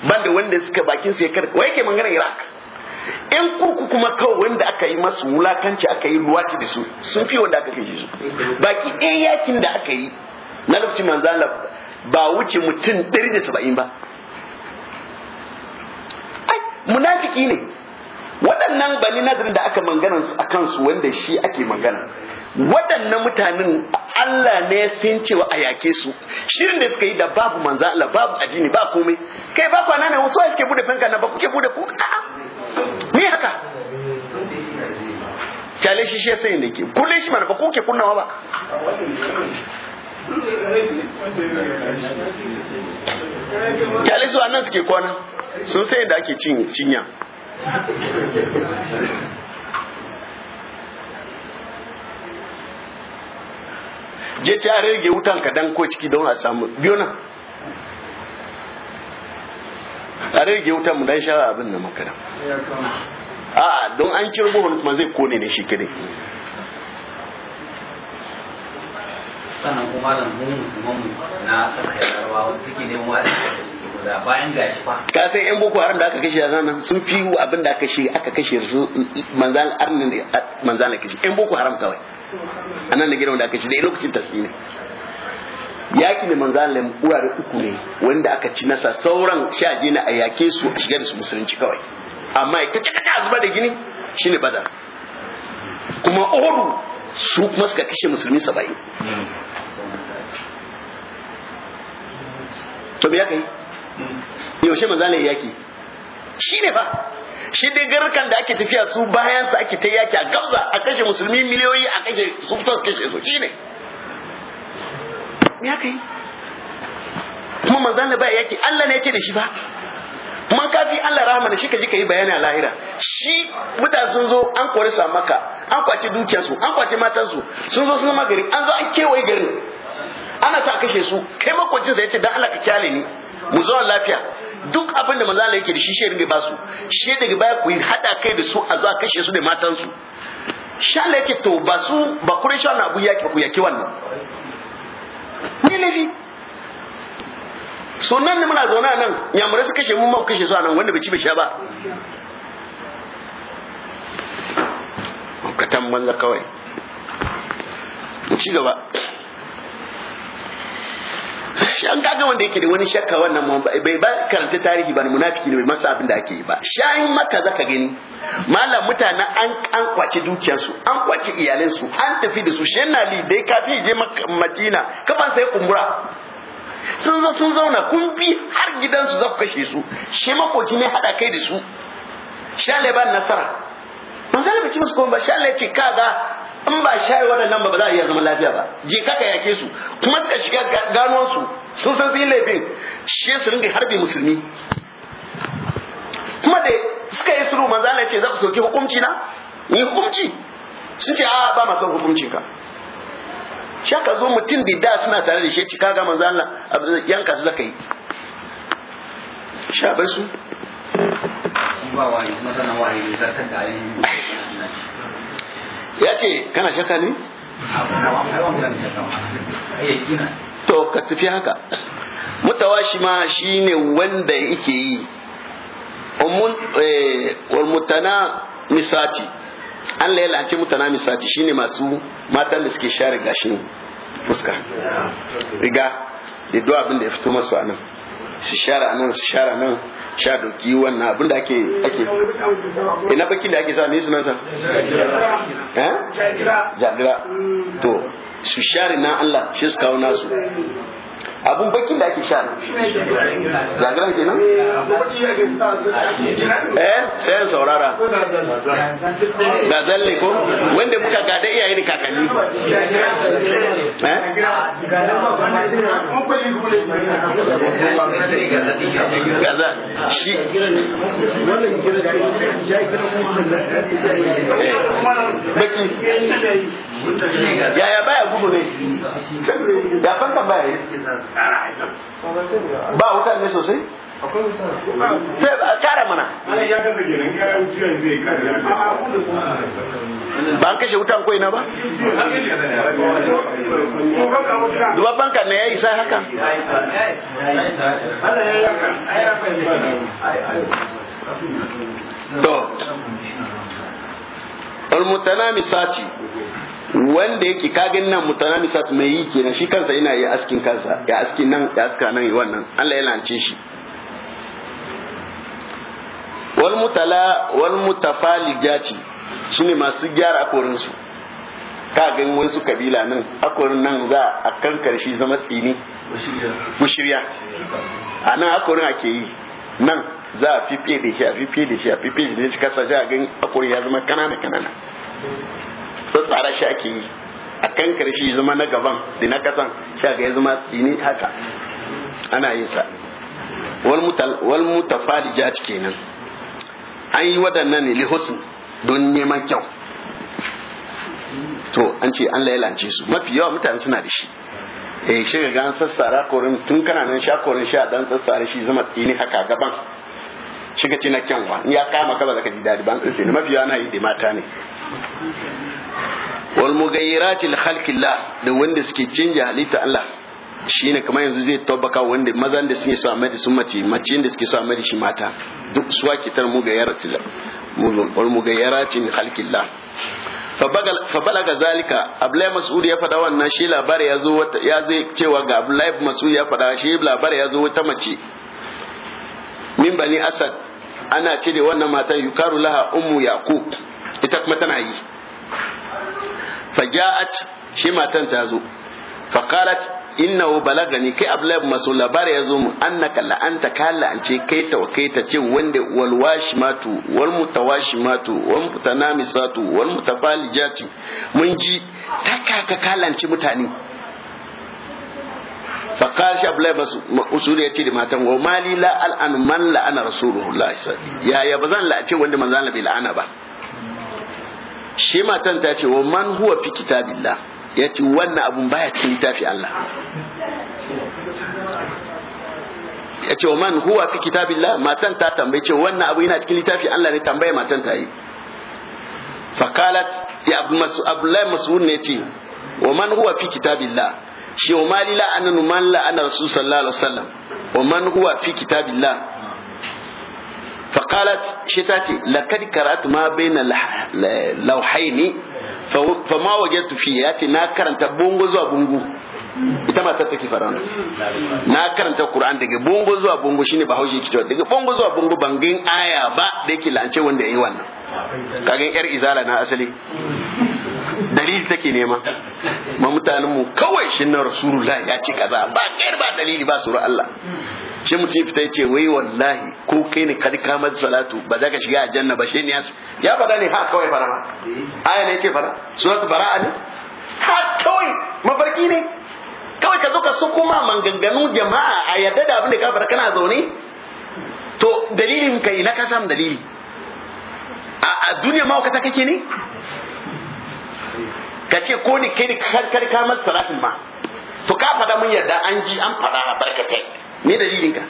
[SPEAKER 1] banda wanda suka bakin su ya karka wai ke mangana iraq in kurku kuma kawai wanda aka yi masu wulakanci aka yi luwati da su sun fi wanda aka kashe su baki ɗaya yakin da aka yi na lafci manzala ba wuce mutum 170 ba munafiki ne waɗannan bani nazarin da aka mangana a kansu wanda shi ake mangana waɗannan mutanen Allah ne sun cewa a ayake su shirin da suka yi da babu manza Allah babu ajini ba komai kai ba kwana ne wasu suke bude fanka na ba kuke bude ku a'a me haka Cale shi shi sai ne ke kulle shi mana ba kuke kunnawa ba kyale su nan suke kwana sun sai da ake cinya je ta a rage wutan ka dan ko ciki don a samu biyo nan a rage wutan mu dan shara abin nan makara a don an ciro buhun kuma zai kone ne shi kadai sannan kuma da mu musulman mu na sarkar rawa wanda suke neman wani da bayan gashi fa ka san yan boko haram da aka kashe a nan sun fi abin da aka kashe aka kashe su manzan arnin manzan kashe yan boko haram kawai a nan da gidan da aka kashe da lokacin tasiri yaki ne manzan lam uwar uku ne wanda aka ci nasa sauran shaje na a yake su a shigar su musulunci kawai amma ya kace kace azuba da gini shine badar kuma ohudu su kuma suka kashe musulmi saba'in to me ya kai yaushe maza ya yaki shi ne ba shi dai garkan da ake tafiya su bayan su ake ta yaki a gaza a kashe musulmi miliyoyi a kashe su fito su kashe su shi ne ya kai kuma da ba yaki Allah ne ya ce da shi ba kuma ka fi Allah rahama ne shi ka ji ka yi bayani a lahira shi mutane sun zo an kore su a maka an kwace su an kwace su sun zo sun zama gari an zo an kewaye garin ana sa kashe su kai makwacin sa yace dan Allah ka kyale ni mu zo lafiya duk abin da manzo Allah yake da shi shi ringa basu shi daga baya ku hada kai da su a zo a kashe su da matansu shi Allah yace to ba su ba kure wannan abu yake ku yake wannan ne ne Sunan ne muna zauna nan yamurai su kashe mu ma kashe su a nan wanda bai ci bai sha ba katan banza kawai mu ci gaba shi an kaga wanda yake da wani shakka wannan bai ba karanta tarihi ba munafiki ne bai masa abin da ake yi ba shayin maka zaka gani malam mutanen an an kwace dukiyarsu an kwace iyalansu an tafi da su shenali dai kafi je madina kafan sai kumbura sun zo sun zauna kun bi har gidansu za ku kashe su shi makoci ne haɗa kai da su sha Allah ba nasara manzo Allah bai ci musu komai ba sha Allah ya ce kaga in ba shayi waɗannan ba ba za a iya zama lafiya ba je kaka yake su kuma suka shiga ganuwansu sun san sun laifin shi su ringa harbi musulmi kuma da suka yi suru manzo Allah ya ce za ku soke hukunci na ni hukunci sun ce a ba ma son ka shi aka zo mutum da da suna tare da shi ci kaga manzo Allah yanka su zaka yi sha bar su ya ce kana shaka ne to ka tafi haka mutawashi ma shine wanda yake yi umun eh, wal mutana misati Allah ya lance mutana misrati shine masu matan da suke share gashin fuska riga da duk abin da ya fito masu anan su share anan su share anan sha doki wannan abin da ake ake ina baki da ake sa me sunan sa eh jagira to su share na Allah shi su kawo nasu abun bakin da ake sha zangiran kenan eh sai saurara da zalle ko wanda muka gada iyaye da kakanni eh? shi eh, baki yaya baya gudu ne ya fanka baya yi ba wutar ne sosai sai a kara mana ba an kashe wutan koina ba duba banka ne ya isa haka to المتنامي misati. wanda yake kagin nan mutananisat mai yi kenan shi kansa yana yi askin kansa ya askin nan ya aska nan yi wannan Allah ya lance shi wal mutala wal mutafalijati shine masu gyara akorin su kagin wasu kabila nan akorin nan za a kankar shi zama tsini mushirya a nan akorin ake yi nan za a fifiye da shi a fifiye da shi a fifiye da shi kasa shi a gan akorin ya zama kanana kanana tsara shi ake yi a kan karshe zama na gaban da na kasan shi ga ya zama tsini haka ana yin sa wal mutafadija kenan an yi waɗannan ne lihusin don neman kyau to an ce an lailance su mafi yawa mutane suna da shi eh shi ga gan sassara korin tun kana nan sha korin sha dan sassara shi zama tsini haka gaban shiga ci na kyanwa in ya kama ka ba za ka ji daɗi ba an ne mafi yawa na yi da mata ne wal mugayyiratil la da wanda suke canja halitta Allah shine kamar yanzu zai tabbaka wanda mazan da suke so a mai sun mace mace da suke so a mai shi mata duk suwa kitar mugayyiratil wal la khalqillah ga zalika abdullahi mas'ud ya faɗa wannan shi labari ya zo ya zai cewa ga abdullahi mas'ud ya faɗa shi labari ya zo wata mace min bani asad ana ce da wannan matan yukaru laha ummu yaqub ita kuma tana yi faja'at shi matan ta zo faqalat innahu balagani kai abdullahi masu labari ya zo mu annaka la'anta ka la'ance kai ta kai ta ce wanda wal washimatu wal mutawashimatu wal satu wal mutafalijatu mun ji taka ka kalance mutane fakar shi abdullahi masu ya ce da matan wa mali la al'an man la'ana rasulullahi sallallahu alaihi wasallam ya ya bazan la'ace wanda manzon Allah bai la'ana ba shi matan ta ce wa man huwa fi kitabillah ya ce wannan abun baya cikin littafi Allah ya ce wa man huwa fi kitabillah matan ta tambaye ce wannan abu yana cikin littafi Allah ne tambaye matan ta yi fakalat ya abdullahi mas'ud ne ce wa man huwa fi kitabillah shi wa mali la man la ana rasul sallallahu alaihi wasallam wa man huwa fi kitabillah فقالت شتاتي لقد قرأت ما بين اللوحين فما وجدت فيه ياتي نا كرنت بونغو زوا بونغو ita matar take fara na karanta Qur'an daga bongo zuwa bongo shine Bahaushe haushi kito daga bongo zuwa bongo bangin aya ba da yake lance wanda yayi wannan kagan yar izala na asali dalili take nema ma mutanen mu kawai shin na rasulullahi ya ce kaza ba kair ba dalili ba sura Allah shi mu ya fita yace wai wallahi ko kai ne kadi kamar salatu ba za ka shiga aljanna ba shi ne ya fada ne ha kawai fara ma aya ne yace fara suratu bara'a ne ha kawai mafarki ne kawai ka zo ka so kuma manganganu jama'a a yadda da abin da ka fara kana zaune to dalilin kai na ka samu dalili a duniya ma wakata kake ne ka ce ko ne kai ne ka kamar salatu ma to ka fada mun yadda an ji an fada a barkatai me dalilin ka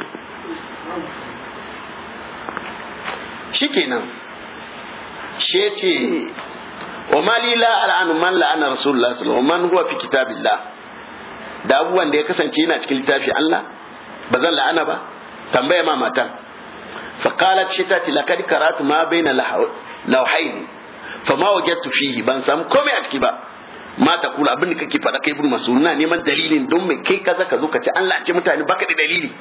[SPEAKER 1] shi ya ce wa malila al'anu man la'ana rasulullah sallallahu man huwa fi kitabillah da abubuwan da ya kasance yana cikin littafi Allah ba zan la'ana ba tambaya ma matan fa qalat shi ta ce laqad karatu ma baina lauhaini fa ma wajen fihi ban samu komai a ciki ba ma ta kula abin da kake faɗa kai ibn mas'ud na neman dalilin don mai kai kaza ka zo ka ce Allah ce mutane baka da dalili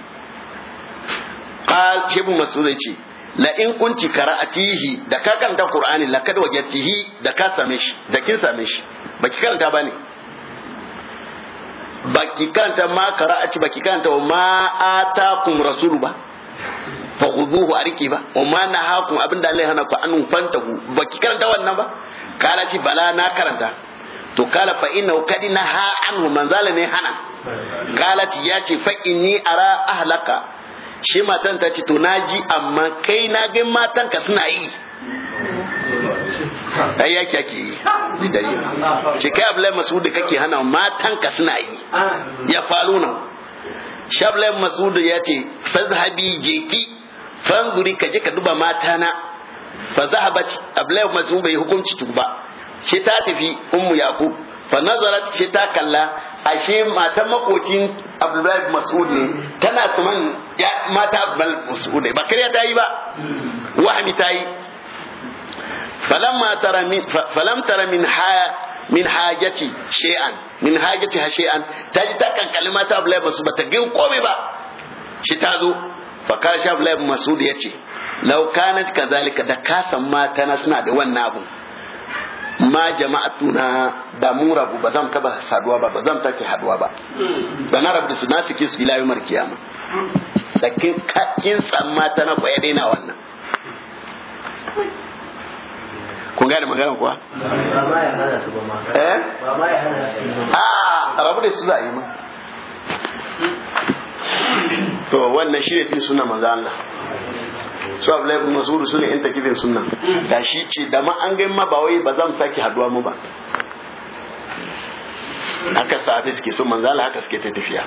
[SPEAKER 1] qal ibn mas'ud ya ce la in kunti qara'atihi da ka karanta qur'ani la kad wajatihi da ka same shi da kin same shi baki karanta ba ne baki karanta ma qara'ati baki karanta ma atakum rasulu ba fa khudhuhu ariki ba wa ma nahakum abinda Allah ya hana ku an fantahu baki karanta wannan ba kala shi bala na karanta to kala fa inna kadi na ha anhu manzala ne hana ti ya ce fa inni ara ahlaka shi matan ta ce to naji amma kai na ga matan ka suna yi ai yaki yaki yi dare ce kai ablai masud kake hana matan ka suna
[SPEAKER 2] yi
[SPEAKER 1] ya falu nan shablai masud ya ce fazhabi jeki fanzuri ka je ka duba matana fa zahabat ablai masud bai hukunci tuba shi ta tafi ummu yaqub fa nazarat shi ta kalla ashe matan makocin abdullahi mas'ud ne tana tuman ya mata abdullahi mas'ud ba kariya ta yi ba wahmi ta yi falamma tara min falam tara min haya min hajati shay'an min hajati ha shay'an ta ji ta kankali mata Abdullahi Masud bata gin komai ba shi ta zo fa shi Abdullahi Masud ce. law kanat kadhalika da kasan mata na suna da wannan abu ma jama'atuna da mu rabu ba zan taba saduwa ba ba zan take haduwa ba ba na rabu su nasiki su ila yawmar kiyama da kin kin tsamma ta na koya daina wannan kun gane magana kuwa ba ya hana su ba ma eh ba ya hana su a ah, rabu da su za a yi ma to wannan shi ne din suna manzo Allah su abu laifin masudu su ne yan takibin sunna da hmm. shi ce da ma an gai ma ba wai ba za mu sake haduwa mu ba haka sahabi suke so manzala haka suke ta tafiya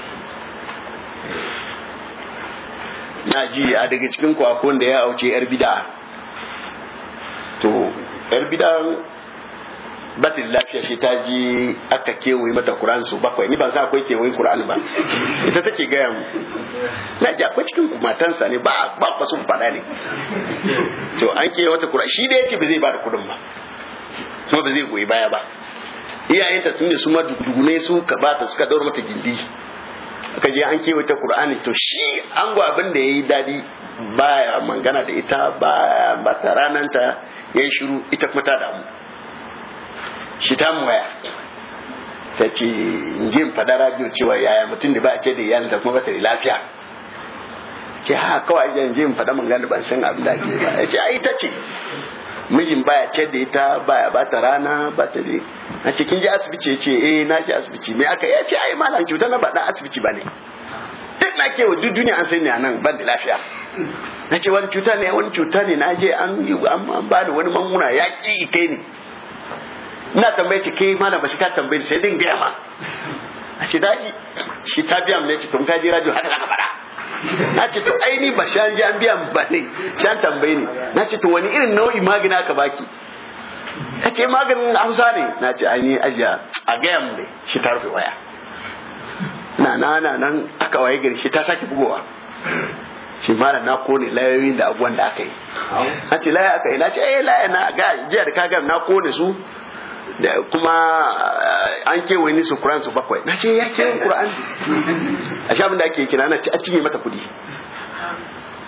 [SPEAKER 1] na ji a daga cikin kwakon da ya auce yar bida to yar bida batin lafiya shi ta ji aka kewaye mata Qur'an su bakwai ni ban sa akwai kewaye Qur'an ba ita take gaya mu na ji akwai cikin matansa ne ba ba ba sun faɗa ne to an kewaye mata Qur'an shi da yace ba zai ba da kudin ba kuma ba zai goyi baya ba iyayenta sun ne su ma dugune su ka ba ta suka daura mata gindi aka je an kewaye ta Quran to shi an abin da yayi dadi baya mangana da ita ba ba ta rananta yayi shiru ita kuma ta damu shi ta waya ta ce jin fada rajin cewa yaya mutum da ba ke da iyalin da kuma bata da lafiya ce ha kawai jan jin fada mun gani ban san abin da ke ba ya ce ai ta ce mijin ya ce da ita baya ba ta rana ba ta da a cikin ji asibiti ya ce eh na ji asibiti me aka ya ce ai malam cuta na ba dan asibiti ba ne duk na kewa duk duniya an sai ne a nan ban da lafiya na ce wani cuta ne wani cuta ne na je an ba da wani manguna ya ki kai ne ina tambaye ce ke mana ba shi ka tambaye sai din gaya ma a ce daji shi ta biya mu ne ce tun kaji rajo haka zaka fara? na ce to aini ba ba an ji an biya ba ne an tambaye ne na ce to wani irin nau'i magani aka baki ka ce maganin hausa ne na ce aini ajiya a gaya mu ne shi ta rufe waya na na na nan aka waye gari shi ta sake bugowa ce mara na kone layoyin da abuwan da aka yi a ce laye aka yi na ce eh laye na ga da ka gam na kone su kuma eh, an kewaye ni su Quran su bakwai na ce ya kewaye Quran a shafin da ake kira na ci a cinye mata kudi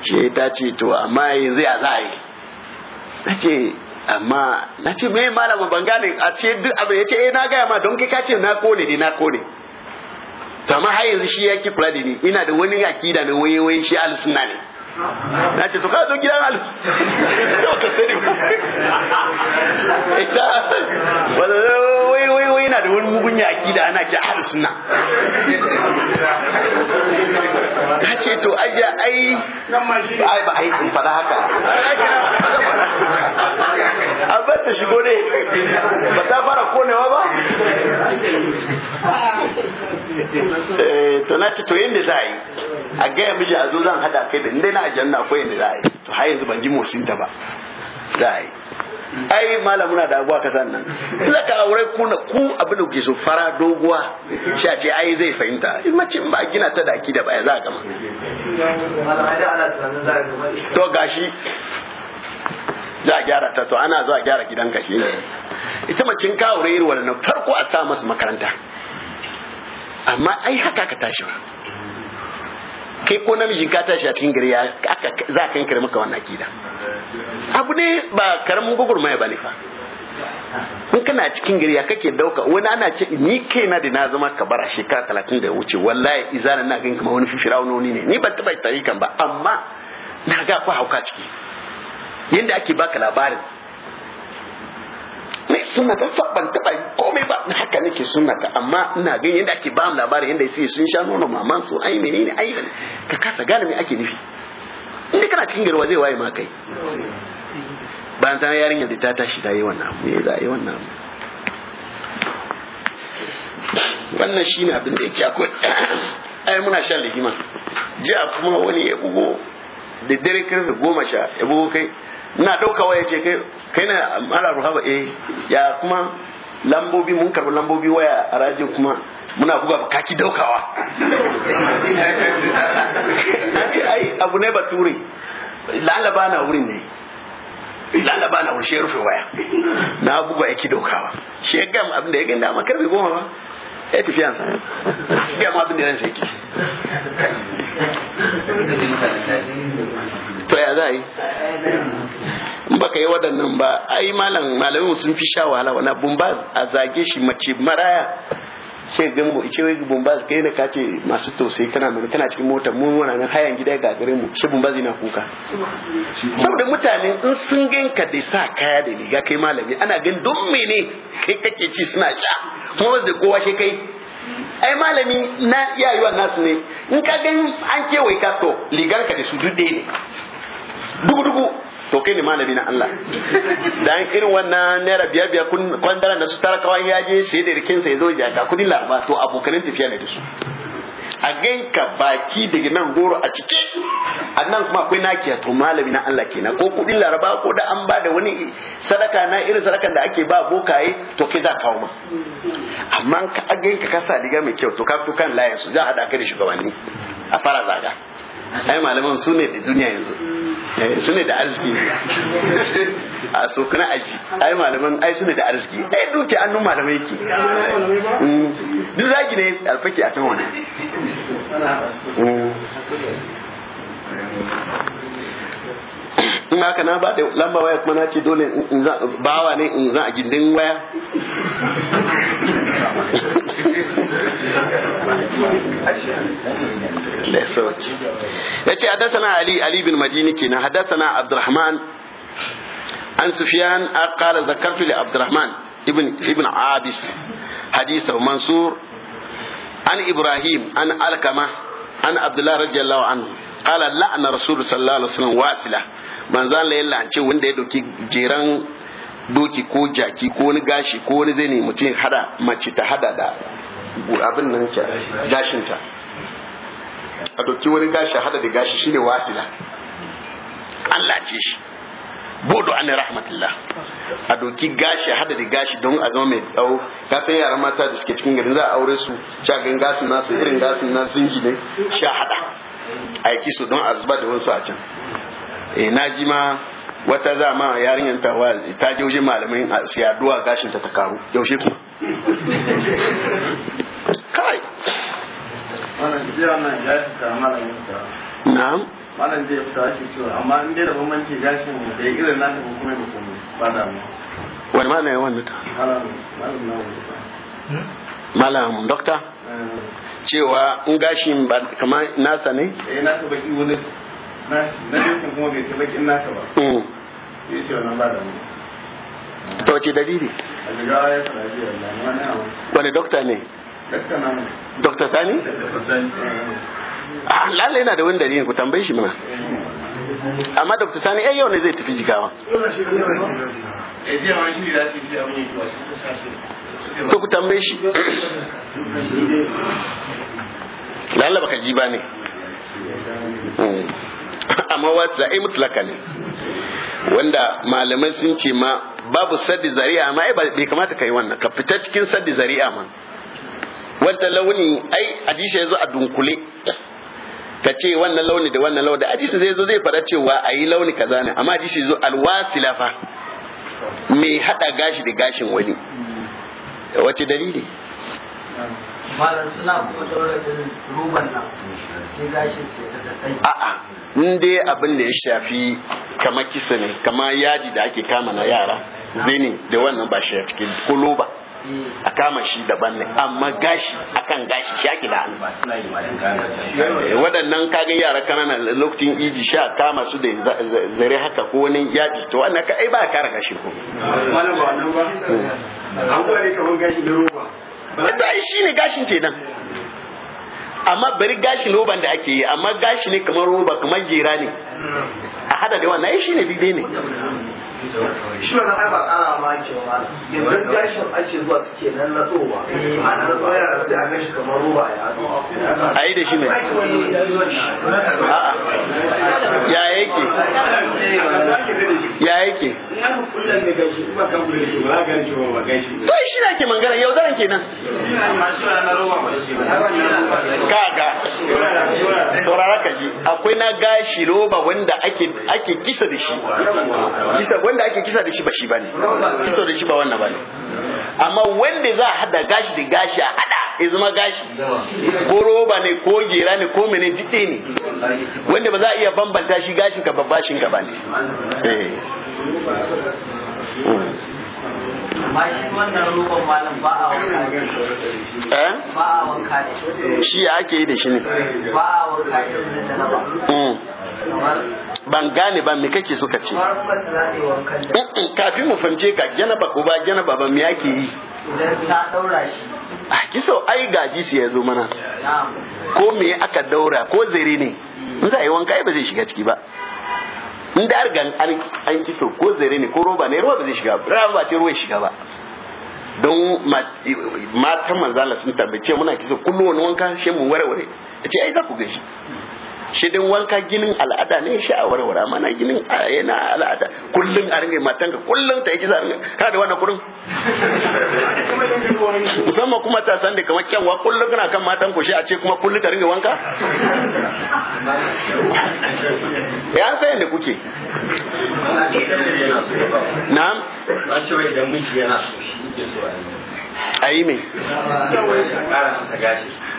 [SPEAKER 1] ce ta ce to amma yi zai a zai na ce amma na ce mai malama bangane a ce duk abu ya ce eh na gaya ma don kai ka ce na kone ne na kone to amma har yanzu shi ya ki kula da ni ina da wani akida ne waye shi al-sunna ne na ce to ka zo gidan alus yau ka sani ku ita wadda wai wai wai na da wani mugun mugunya akida ana ki alus na ka ce to aja ai ai ba ai in fada haka an bar ta shigo ne ba ta fara konewa ba eh, to na ce to yadda za a yi a gaya miji a zo zan hada kai da inda na aljanna akwai yadda za a yi to har yanzu ban ji motsin ta ba za a yi ai malam muna da abuwa kasan nan za ka aure kuna ku abin da kuke so fara doguwa shi ce ai zai fahimta in mace ba gina ta daki da ba ya za a gama to gashi za a gyara ta to ana zuwa gyara gidan ka shi ita macin ka aure irin wannan farko a sa masa makaranta amma ai haka ka tashi ba kai ko namiji ka tashi a cikin gari ya za ka kankare maka wannan akida abu ne ba karamin gugurmaya ba ne fa in kana cikin gari ya kake dauka wani ana ce ni na da na zama kabara shekara talatin da wuce wallahi izana na ganin kamar wani fifira wani ne ni ban taba tarikan ba amma na ga ku hauka ciki yanda ake baka labarin mai suna ta saban taɓa komai ba na haka nake suna ta amma ina gan yadda ake ba mu labarin yadda sai sun sha nono maman su ai menene ai ka kasa gane me ake nufi inda kana cikin garwa zai waye ma kai bayan ta yarinya da ta tashi ta yi wannan abu ne za a yi wannan abu wannan shine abin da yake akwai ai muna shan rigima jiya kuma wani ya bugo da dare da goma sha ya bugo kai ina ɗauka ya ce kai na mara ruhaba eh ya kuma lambobi mun karbi lambobi waya a rajin kuma muna buga kaki daukawa
[SPEAKER 2] na ce ai abu
[SPEAKER 1] ne turi lalaba na wurin ne lalaba na wurin shi rufe waya na buga yake daukawa shi ya gam abin da ya ganda amma karfe goma ba ya eh, tafiya sa ya ma abin da ran shaki to ya za yi Ba ka yi waɗannan ba ai malam malamin sun fi sha wahala wani abun ba a zage shi mace maraya she gambo ice wai bumbaz kai da kace masu tausayi kana mun kana cikin mota mu muna nan hayan gida ga garin mu she bumbaz yana kuka saboda mutane in sun ganka da sa kaya da riga kai malami ana gan don mene kai kake ci suna sha kuma da kowa she kai ai malami na yayuwa nasu ne in ka gan an kewaye ka to ligar ka da su duk ne dugu dugu to kai ne malami na Allah dan irin wannan naira biyar biyar kun kwandaran da su tara kawai ya je sai da rikin sa yazo ya ga kudin laraba to abokanin tafiya ne da su a ganka baki daga nan goro a cike annan kuma akwai nakiya to malami na Allah kenan ko kudin laraba ko da an ba da wani sadaka na irin sadakan da ake ba bokaye to kai za kawo ma amma ka ganka ka sa diga mai kyau to ka fito kan layin su za a haɗa ka da shugabanni a fara zaga ai malaman su ne da duniya yanzu eh, su ne da arziki a so kuna aji ai malaman ai su ne da arziki ai duke annun malamai ke mm. duk zaki ne alfaki a kan wani in haka na ba da lamba waya kuma na ce dole in za bawa ne in za a gindin waya Ya yace hadathana ali ali bin madini haddasa na abdurrahman an sufyan qala zakartu li abdurrahman ibn abis hadith mansur an ibrahim an alkama an abdullahi radiyallahu anhu qala la'ana rasul sallallahu alaihi wasallam wasila manzo Allah ya lance wanda ya doki jeran doki ko jaki ko wani gashi ko wani zai ne mutum hada mace ta hada da abin nan ke gashinta a doki wani gashi hada da gashi shine wasila Allah ce shi bodo an rahmatillah a doki gashi hada da gashi don a zama mai tsawo ka san yaran mata da suke cikin garin za a aure su shagin gasin nasu irin gasin na sun gine sha hada aiki su don a zuba da wasu a can eh na ji ma wata za ma yarinyar ta ta je wajen malamai su yaduwa gashin ta ta karu yaushe ku kai na'am wannan zai fita shi cewa amma in dai da bambanci gashin da ya irin naka ko kuma da kuma ba da mu wani malam ya wannan ta malam hmm? dokta eh. cewa in gashi ba kamar nasa ne eh nasa baki wani na na kuma bai ta bakin naka ba ya hmm. ce wannan ba da mu to ce dalili a ya wani dokta ne Dr. Sani? Ah, lalle yana da wani dalilin ku tambaye shi mana. Amma Dr. Sani ai eh, yau ne zai tafi jigawa. To ku tambaye shi. Lalle baka ji ba ne. Hmm. Amma wasu da ai mutlaka ne. Wanda malamai sun ce ma babu saddi zari'a ma ai bai kamata ka yi wannan ka fita cikin saddi zari'a ma. wata launi ai hadisi yazo a dunkule ka ce wannan launi da wannan launi hadisi zai zo zai fara cewa a yi launi kaza ne amma hadisi zo alwasila fa mai hada gashi da gashin wani wace dalili malam suna ruban nan sai gashi sai da a'a in dai abin da ya shafi kama kisa ne kama yaji da ake kama na yara zini da wannan ba shi a cikin kuluba ba a kama shi daban ne amma gashi akan gashi shi ake da eh, waɗannan ga yara kanana lokacin iji sha kama su da zare haka ko wani yaji to wannan ka ai ba kara gashi ko da shi ne gashin ce nan amma bari gashin roban da ake yi amma gashi ne kamar roba kamar jera ne a hada da wannan shi ne daidai ne shi ai ba kara ya a da shi ne ya yake ya yake shi na ke yau daren kenan kaga saurara ka akwai na gashi roba wanda ake kisa da shi kisa wanda ake kisa da shi ba shi bane kisa da shi ba wannan bane amma wanda za a hada gashi da gashi a hada ya zama gashi ko roba ne ko jera ne ko mene jite ne wanda ba za a iya bambanta shi gashin ka babbashin ka bane eh hmm. shi ake yi da shi ne hmm. ban gane ba me kake suka ce kafin mu fahimce ka janaba ko ba janaba ba me ake yi a ah, kiso ai gaji su ya zo mana ko me aka daura ko zare ne in za a yi wanka ba zai shiga ciki ba in da gan an kiso ko zare ne ko roba ne ruwa ba zai shiga ba ruwa ba ce ruwa shiga ba don matan manzala sun tabbace muna kiso kullum wani wanka shi mu warware ta ce ai za ku gashi shi dai wanka ginin al'ada ne shi a warware mana ginin yana al'ada kullum a ringa matan ka kullum ta yi kisa ka da wannan kurin musamman kuma ta san da kamar kyanwa kullum kana kan matan ku shi a ce kuma kullum ka ringa wanka ya san yadda kuke na'am a yi mai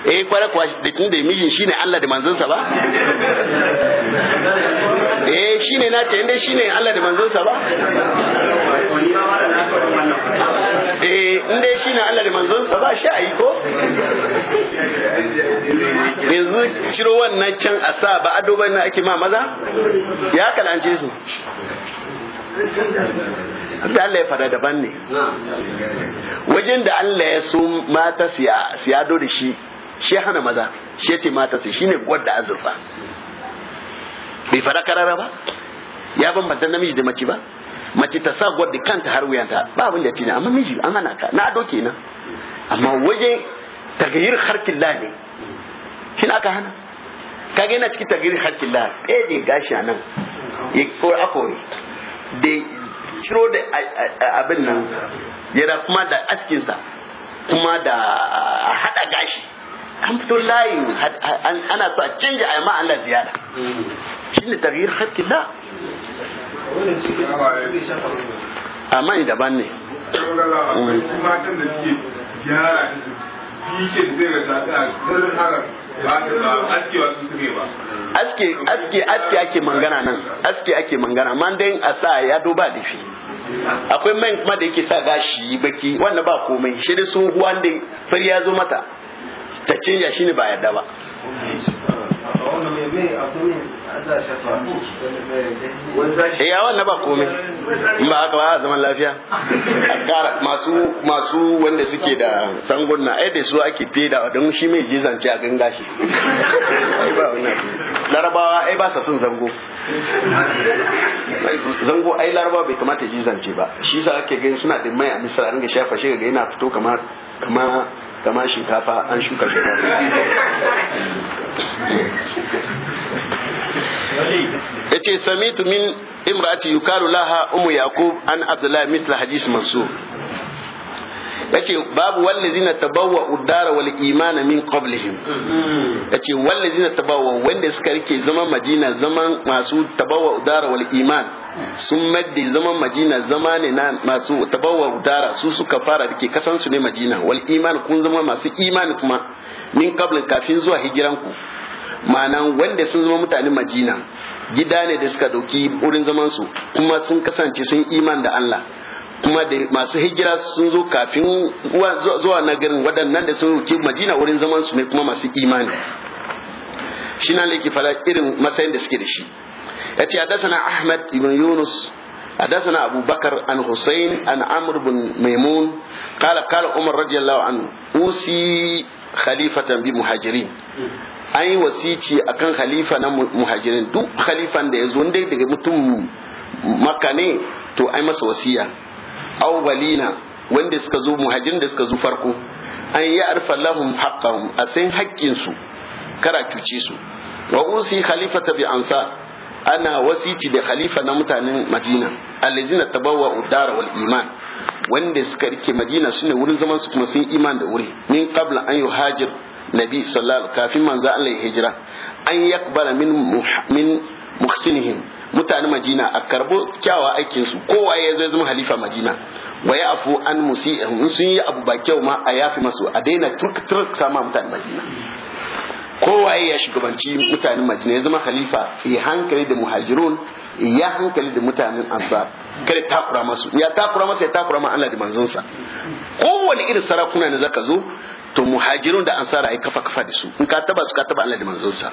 [SPEAKER 1] eh kwara kuwa da tun da mijin shine Allah da manzansa ba eh shine na ce inda shine Allah da manzansa ba eh inda shine Allah da manzansa ba shi ayi ko yanzu ciro wannan can asa ba ado bane ake ma maza ya kalance su da Allah ya fada daban ne wajen da Allah ya so mata su yado da shi shi hana maza shi ce mata su ne gwadda azurfa bai fada karara ba ya bambanta namiji da mace ba mace ta sa gwadda kanta har wuyanta ba abin da ce ne amma miji an hana ka na ado kenan amma wajen tagayyar harkin la ne shi aka hana kage gina cikin tagayyar harkin la ɗaya da gashi nan ya kore akore ciro da abin nan yana kuma da askinsa kuma da haɗa gashi an fito layin ana so a canja a ma Allah ziyara shi ne tarihin haƙƙin da a mani daban ne matan da suke ziyara aske aske aske ake mangana nan aske ake mangana man dai a sa ya duba dafi akwai man kuma da yake sa gashi baki wannan ba komai shi da sun huwan da fari ya zo mata ta canja shine ba yadda ba eh ya wannan ba komai in ba haka ba a zaman lafiya masu masu wanda suke da na ai da su ake feda don shi mai jizance a ganga shi larabawa ai ba sa sun zango zango ai larabawa bai kamata jizance ba shi sa ake gani suna da mai a misra ringa shafa shi ga yana fito kamar kamar kama shinkafa an shuka shinkafa ya ce samitu min imrati yukalu laha umu yakub an abdullahi misla hadis mansur yace babu wallazina tabawwa udara wal imana min qablihim mm-hmm. yace wallazina tabawwa wanda suka rike zaman madina zaman masu tabawwa udara wal iman sun madde zaman madina zama ne na masu tabawwa udara su suka fara rike kasan su ne madina wal iman kun zama masu imani kuma min qablin kafin zuwa hijiranku ma'anan wanda sun zama mutanen madina gida ne da suka dauki wurin zaman su kuma sun kasance sun iman da Allah kuma da masu hijira sun zo kafin zuwa na garin waɗannan da sun roke majina wurin zaman su ne kuma masu imani shi na lake fara irin matsayin da suke da shi ya ce adasana ahmad ibn yunus adasana abubakar an Husain an amur bin maimun kala kala umar radiyallahu an usi khalifatan bi muhajirin an yi wasici akan khalifa na muhajirin duk khalifan da ya zo dai daga mutum maka ne to ai masa wasiya awwalina wanda suka zo muhajirin da suka zo farko an yi arfa haqqahum a san haƙƙin su kara cuce su wa usi khalifata bi ansa, ana wasici da khalifa na mutanen madina allazina tabawwa udara wal iman wanda suka rike madina sune wurin zaman su kuma sun iman da wuri min qabla an yuhajir nabi sallallahu kafin manzo Allah ya hijira an yakbala min min muhsinihim mutane majina a karbo kyawa aikin su kowa ya zo zama halifa majina wa ya afu an musi'ihim in sun yi abu ba kyau ma a yafi masu a daina turk turk sama mutane majina kowa ya shugabanci mutanen majina ya zama halifa ya hankali da muhajirun ya hankali da mutanen ansar kada takura masu ya takura masa ya takura ma Allah da manzonsa kowanne irin sarakuna ne zaka zo to muhajirun da ansara ai kafa kafa da su in ka taba su ka taba Allah da manzonsa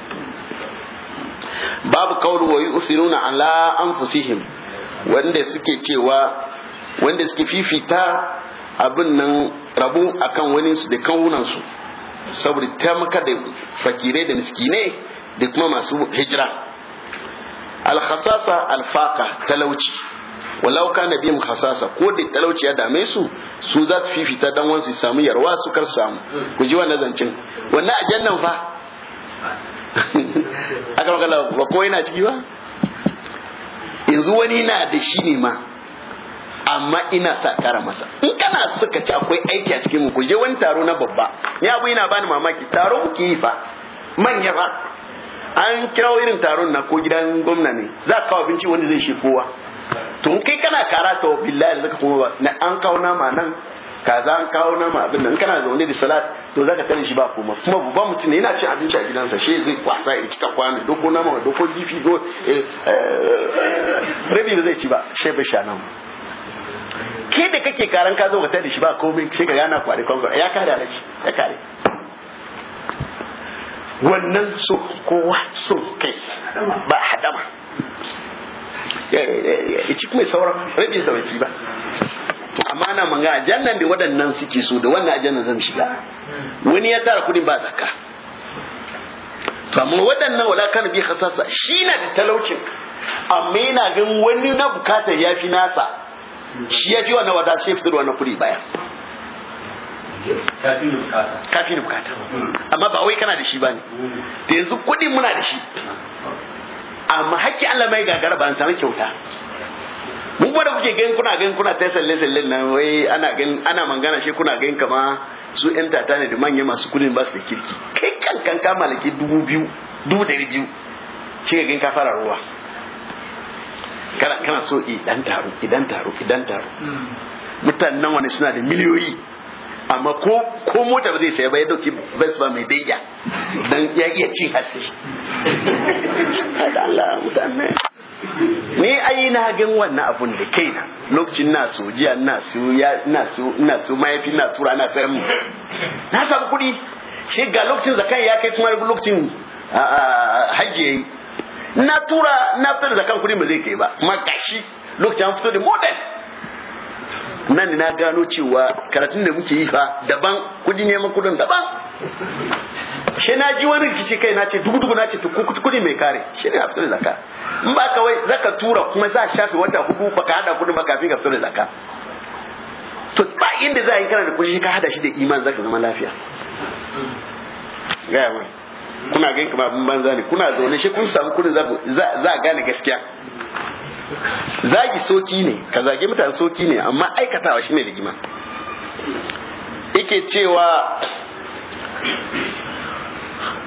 [SPEAKER 1] babu kaulu wa yusiruna ala anfusihim wanda suke cewa wanda suke fifita abin nan rabu akan wani su da kawunan su saboda taimaka da fakire da miskine da kuma masu hijira alkhasasa alfaka talauci walau na bihim hasasa ko da talauci ya dame su su za su fifita dan wansu samu yarwa su kar samu ku ji wannan zancin wannan ajannan fa aka magana ba ko yana ciki ba yanzu wani na da shi ne ma amma ina sa kara masa in kana suka ci akwai aiki a cikin ku je wani taro na babba ni abu ina bani mamaki taro muke yi fa manya fa an kirawo irin taron na ko gidan gwamna ne za ka kawo abinci wanda zai shi kowa to kai kana kara to billahi zaka kuma ba na an kawo nama nan kaza an kawo nama abin nan kana zaune da salat to zaka tare shi ba kuma kuma babban mutum ne yana cin abinci a gidansa shi zai kwasa ya cika kwano doko nama doko gifi go eh, eh, rabi da zai ci ba shi bai sha nan ke da kake karan ka zo ka tare shi ba komai sai ka gana kwari kwango ya kare alaji ya kare wannan so kowa so kai ba hadama ya ci kuma sauran rabi sa bai ci ba to na manga jannan da waɗannan suke so da wannan jannan zan shiga wani ya tara kudin ba zakka to amma waɗannan wala kana bi khasasa shi na da talaucin amma yana gan wani na bukatar ya fi nasa shi ya fi wannan wada sai fitar wannan kudi baya kafin bukata amma ba wai kana da shi bane da yanzu kudi muna da shi amma hakki Allah mai gagara ba an samu kyauta mu ba da kuke gan kuna gan kuna ta salle salle nan wai ana gan ana mangana shi kuna gan kama su yan tata ne da manyan masu kudin ba su da kirki kai kan kan ka malaki dubu biyu dubu dari biyu shi ka gan ka fara ruwa kana kana so idan taro idan taro idan taro hmm. mutanen nan wani suna da miliyoyi amma ko ko mota ba zai saya ba ya dauki bas ba mai daya dan ya iya cin hasi Allah mutanen ni ai na gan wannan abun da na lokacin na so jiya na so ya na so na so mayafi na tura na sayar mu na samu kuɗi shi ga lokacin zakan ya kai tuma lokacin hajji na tura na fitar da zakan kuɗi ba zai kai ba kuma gashi lokacin an fito da model nan na gano cewa karatun da muke yi fa daban kudi neman kudin daban shi na ji wani rikici kai na ce dubu dubu na ce to kudi mai kare shi ne fitar zaka in ba wai zaka tura kuma za shafe wata hudu ka hada kudi ba ka fi da zaka to ba inda za a yi kana da kudi ka hada shi da iman zaka zama lafiya gaya mai kuna gani kamar abin banza ne kuna zaune shi kun samu kudin za a gane gaskiya zagi soki ne ka zage mutane soki ne amma aikatawa ne rigima Ike cewa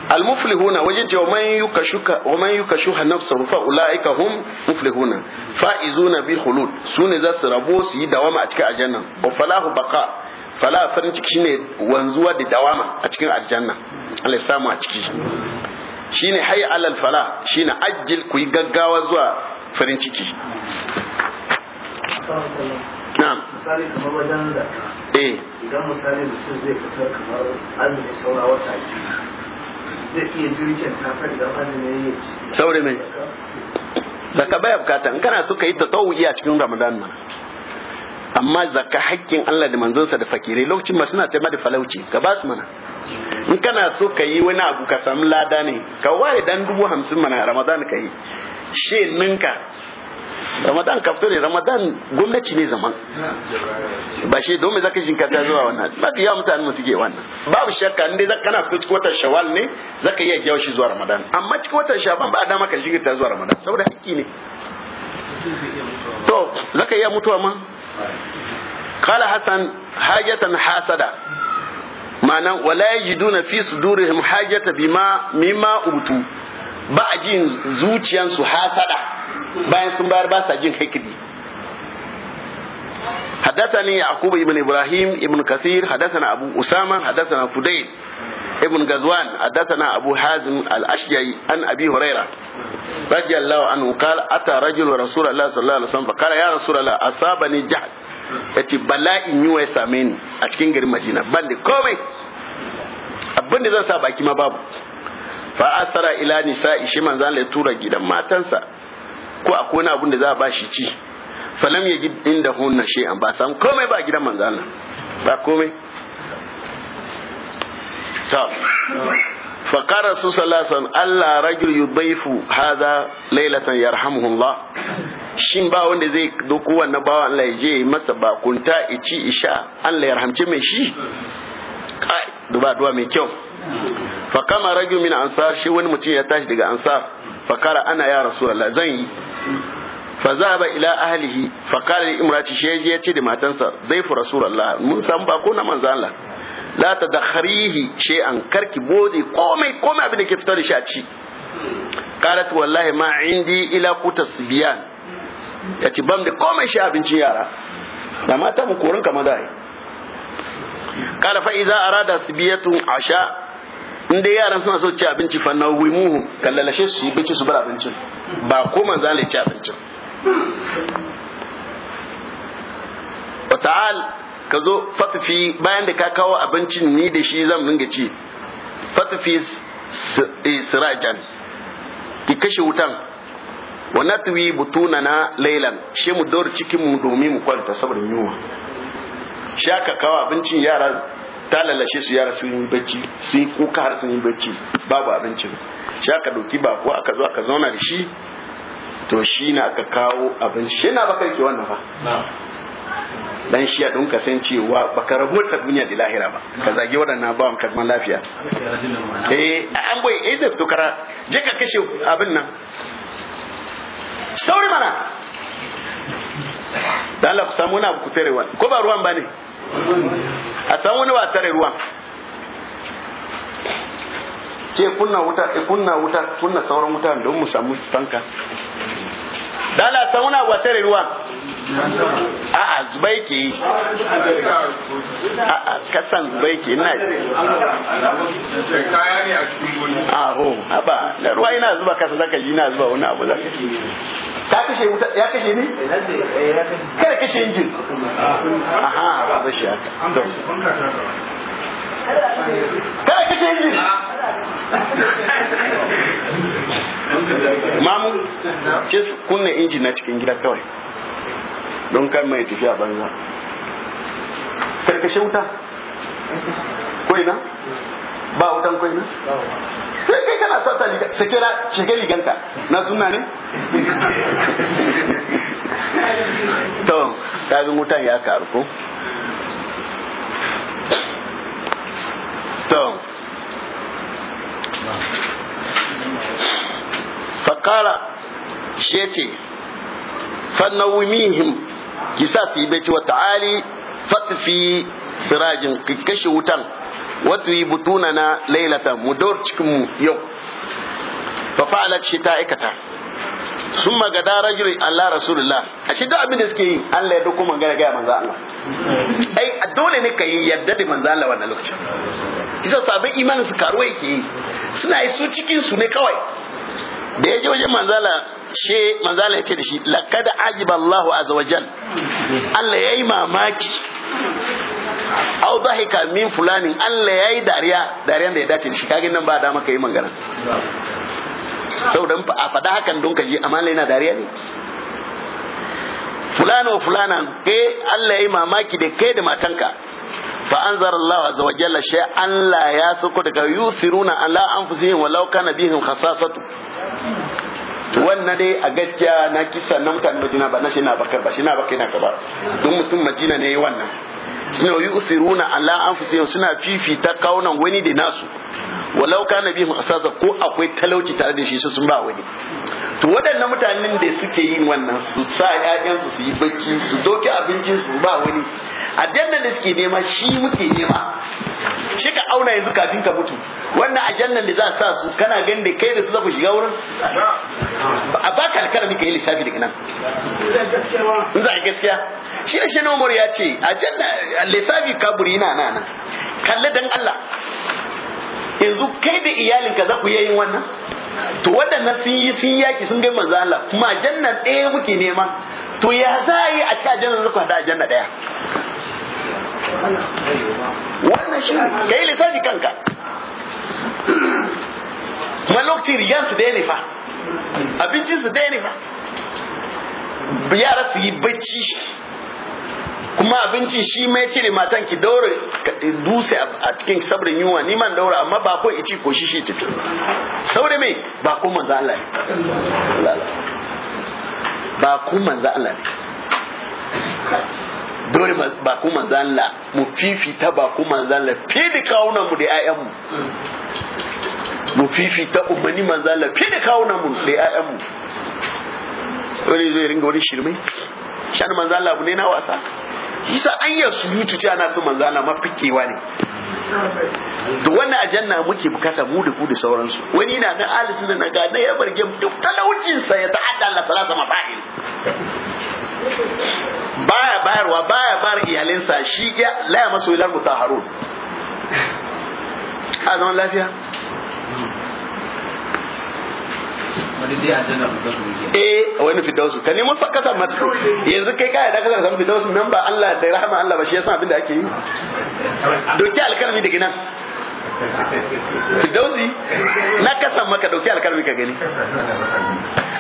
[SPEAKER 1] almuflihuna wajen cewa man yuka shuka wa man yuka shuha nafsahu fa ulaika hum muflihuna faizuna bil khulud sune za su rabo su yi dawama a cikin aljanna wa falahu baqa fala farin ciki shine wanzuwa da dawama a cikin aljanna Allah ya samu a ciki shine hayy alal fala shine ajil ku yi gaggawa zuwa farin ciki na'am misali
[SPEAKER 2] kamar wajen da eh idan misali mutum zai fita kamar azumi saura wata biyu
[SPEAKER 1] zai mai zaka baya bukata in kana so ka yi tatawuyi a cikin ramadan nan amma zaka hakkin Allah da manzonsa da fakire lokacin masu na taima da falauci ka ba su mana in kana so ka yi wani abu ka samu lada ne ka ware dan dubu hamsin mana ramadan ka yi she ninka ramadan kafto ne ramadan gwamnati ne zaman ba shi domin zaka shinkata zuwa wannan ba ya mutane mu suke wannan babu shakka inda zaka kana fito cikin watan shawwal ne zaka iya jawo shi zuwa ramadan amma cikin watan shawwal ba a dama ka ta zuwa ramadan saboda hakki ne to zaka iya mutuwa ma kala hasan hajatan hasada ma'ana wala yajiduna fi sudurihim hajata bima mimma utu ba a jin zuciyansu hasada Bayan sun ba yaro ba su jin haifi. Haddasa ne ya akubu Ibn Ibrahim, Ibn kasir haddasa na abu Usaman, haddasa na Fudayil, Ibn Gazwani, haddasa na abu Hazim Al-Ashiyahil, Ann Abiy Horaira. Baji a an uka atarra jire rasu da laa Sallar al saman. Bakara ya rasu da a saba ne jihar ita bala in yi muna samain a cikin girin majina. Bani komai. Abin da zan sa baki ma babu. Fa ila nisa ishimar manzan iya tura gidan matansa. ko a kona abin da za a ba shi ci falam ya ji inda hunna shay'an ba san komai ba gidan manzo Allah ba komai ta fa qara su salasan Allah rajul ألا hada laylatan yarhamuhu Allah shin ba wanda zai doko wannan bawa Allah ya je masa bakunta ici isha Allah ya rahamce mai shi kai duba duwa mai kyau fa kama rajul min ansar shi wani mutum ya tashi daga ansar fakara ana ya rasulullah zan yi fazaba ila ahlihi fakara imrati shi ya ce da matansa zai rasulullah mun san ba ko na manzo Allah la tadakhrihi shay'an karki bode komai komai abin da ke fitar da shi a ci qalat wallahi ma indi ila kutasbiyan yace bam da komai shi abincin yara da mata mu korin kamar da ai qala fa idza arada sibiyatun asha in dai yaran suna so ci abinci fa na wuri muhu kallalashe su yi bici su bar abincin ba ko manzo Allah ya ci abincin wa ta'al ka zo fatfi bayan da ka kawo abincin ni da shi zan dinga ci fatfi e, sirajan ki kashe wutan wa natwi butunana laylan shi mu dor cikin mu domin mu kwanta saboda yunwa shi aka kawo abincin yara ta lalashe su yara sun yi bacci sun yi kuka har sun yi bacci babu abincin shi aka ba bako aka zo aka zauna da shi to shi na aka kawo abinci. shi na baka yake wannan ba dan shi a dunka san cewa baka rabu ta duniya da lahira ba ka zage waɗannan bawan kazman lafiya eh an boye eh zai tukara je ka kashe abin nan sauri mana dan Allah ku samu na ku tare ko ba ruwan ba ne a san wani wasa tare ruwan ce kunna wuta kunna wuta kunna sauran wuta don mu samu fanka dala wani wasa tare ruwan a'a zubai ke yi a kasan zubai ke ina ho haba da ruwa ina zuba kasa zaka ji ina zuba wani abu zaka ka kashe wuta ya kashe ni kada kashe injin aha ba shi haka
[SPEAKER 2] kada kashe injin
[SPEAKER 1] mamu ce su kunna injin na cikin gida kawai don kan mai tafiya banza karkashe wuta ko ba wutan ko sai kai kana sa ta liga sakira shige liganta na sunna ne to kaga mutan ya karu ko to fakara shete fannawimihim kisa su yi bai ce wa ta'ali fatfi sirajin kashe wutan watu yi butuna na lailata mu dor cikin mu yau fa fa'alat shi ta aikata sun magada rajul Allah rasulullah a shi duk abin da suke yi Allah ya dauko magana ga manzo Allah ai dole ne kai yadda da manzo Allah wannan lokacin kisa sabon imanin su karu yake yi suna yi su cikin su ne kawai da ya je wajen manzala she manzala ya ce da shi laqad ajiba Allahu azza wajal Allah yayi mamaki au dhahika min fulani Allah yayi dariya dariyan da ya dace shi kage nan ba da maka yi magana saboda a faɗa hakan don kaji amma Allah yana dariya ne fulano wa fulana kai Allah yayi mamaki da kai da matanka fa anzarallahu azza wa jalla shay Allah ya suko daga yusiruna ala anfusihim walau kana bihim khasasatu wannan dai a gaskiya na kisa na mutanen Madina ba na shi na bakar ba shi na bakar na ka ba don mutum Madina ne yi wannan suna yi usiruna ala anfusihim suna fifita kaunan wani da nasu walau na bihim asasa ko akwai talauci tare da shi sun ba wani to waɗannan mutanen da suke yin wannan su sa ƴaƴan su yi bacci su doki abincin su ba wani a jannan da suke nema shi muke nema shi ka auna yanzu kafin ka mutu wannan jannan da za sa su kana ganin da kai da su za ku shiga wurin a baka alkara ka yi lissafi daga nan in za a gaskiya shi da shi ya ce a jannan. lissafi kaburi na nan kalli dan Allah yanzu kai da iyalinka za ku yayin wannan to waɗannan sun yi sun yaki sun gai manzo Allah kuma jannan ɗaya muke nema to ya za a yi a cikin aljanna zuku hada janna ɗaya wannan shi kai lissafi kanka kuma lokacin rigan su ɗaya ne fa abincin su ɗaya ne fa yara su yi bacci kuma abinci shi mai cire matan ki daure dusa a cikin sabrin yunwa ni man daura amma ba ko ici ko shi shi tafi saboda me ba ko manzo Allah ba ko manzo Allah dole ba ko manzo Allah mu fifita ba ko manzo Allah fi da kauna mu da ƴaƴan mu mu fifita ummani manzo Allah fi da kauna mu da ƴaƴan mu wani zai ringa wani shirme shan manzo Allah ne na wasa isa an yi surutu ce ana su manzana mafikewa ne to wannan ajanna muke bukata mu da ku da sauransu wani na na alisu da na gada ya barge duk talaucinsa ya ta'adda Allah salasa mafahim baya bayarwa baya bayar iyalinsa shi ya laya masu Harun. mutaharun a zaman lafiya eh wani fidausu ka nemo kasa matro yanzu kai kai da kasa samu fidausu nan ba Allah da rahama Allah ba shi yasa abin da ake yi doki alkalmi daga nan fidausi na kasa maka doki alkalmi ka gani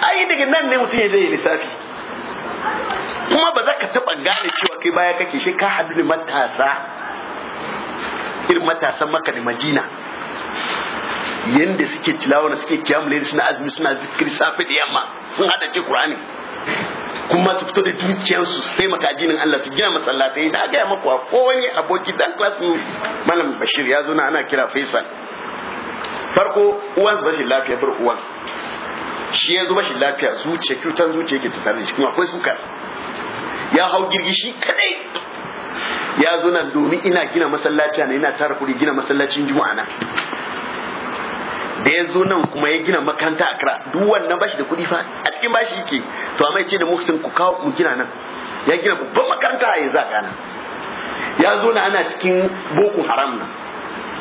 [SPEAKER 1] ai daga nan ne mutum ya je lissafi kuma ba za ka taba gane cewa kai baya kake shi ka hadu da matasa irin matasan maka da majina yanda suke tilawar suke kiyamu lai suna azumi suna zikiri safe da yamma sun hada ce qur'ani kuma su fito da dukiyarsu su taimaka jinin Allah su gina masallatai da aka yi maka ko wani aboki dan class malam Bashir ya zo na ana kira Faisal farko uwansa bashi lafiya bar uwan shi ya zo bashi lafiya zuciya kyutan zuciya ke tattare da shi kuma akwai suka ya hau girgishi kadai ya zo nan domin ina gina masallaci na ina tara kuɗi gina masallacin juma'a na da ya zo nan kuma ya gina makaranta a kira duk wannan bashi da kuɗi fa a cikin bashi yake to amma ya ce da muhsin ku kawo mu gina nan ya gina babban makaranta a yanzu a gana ya zo na ana cikin boko haram nan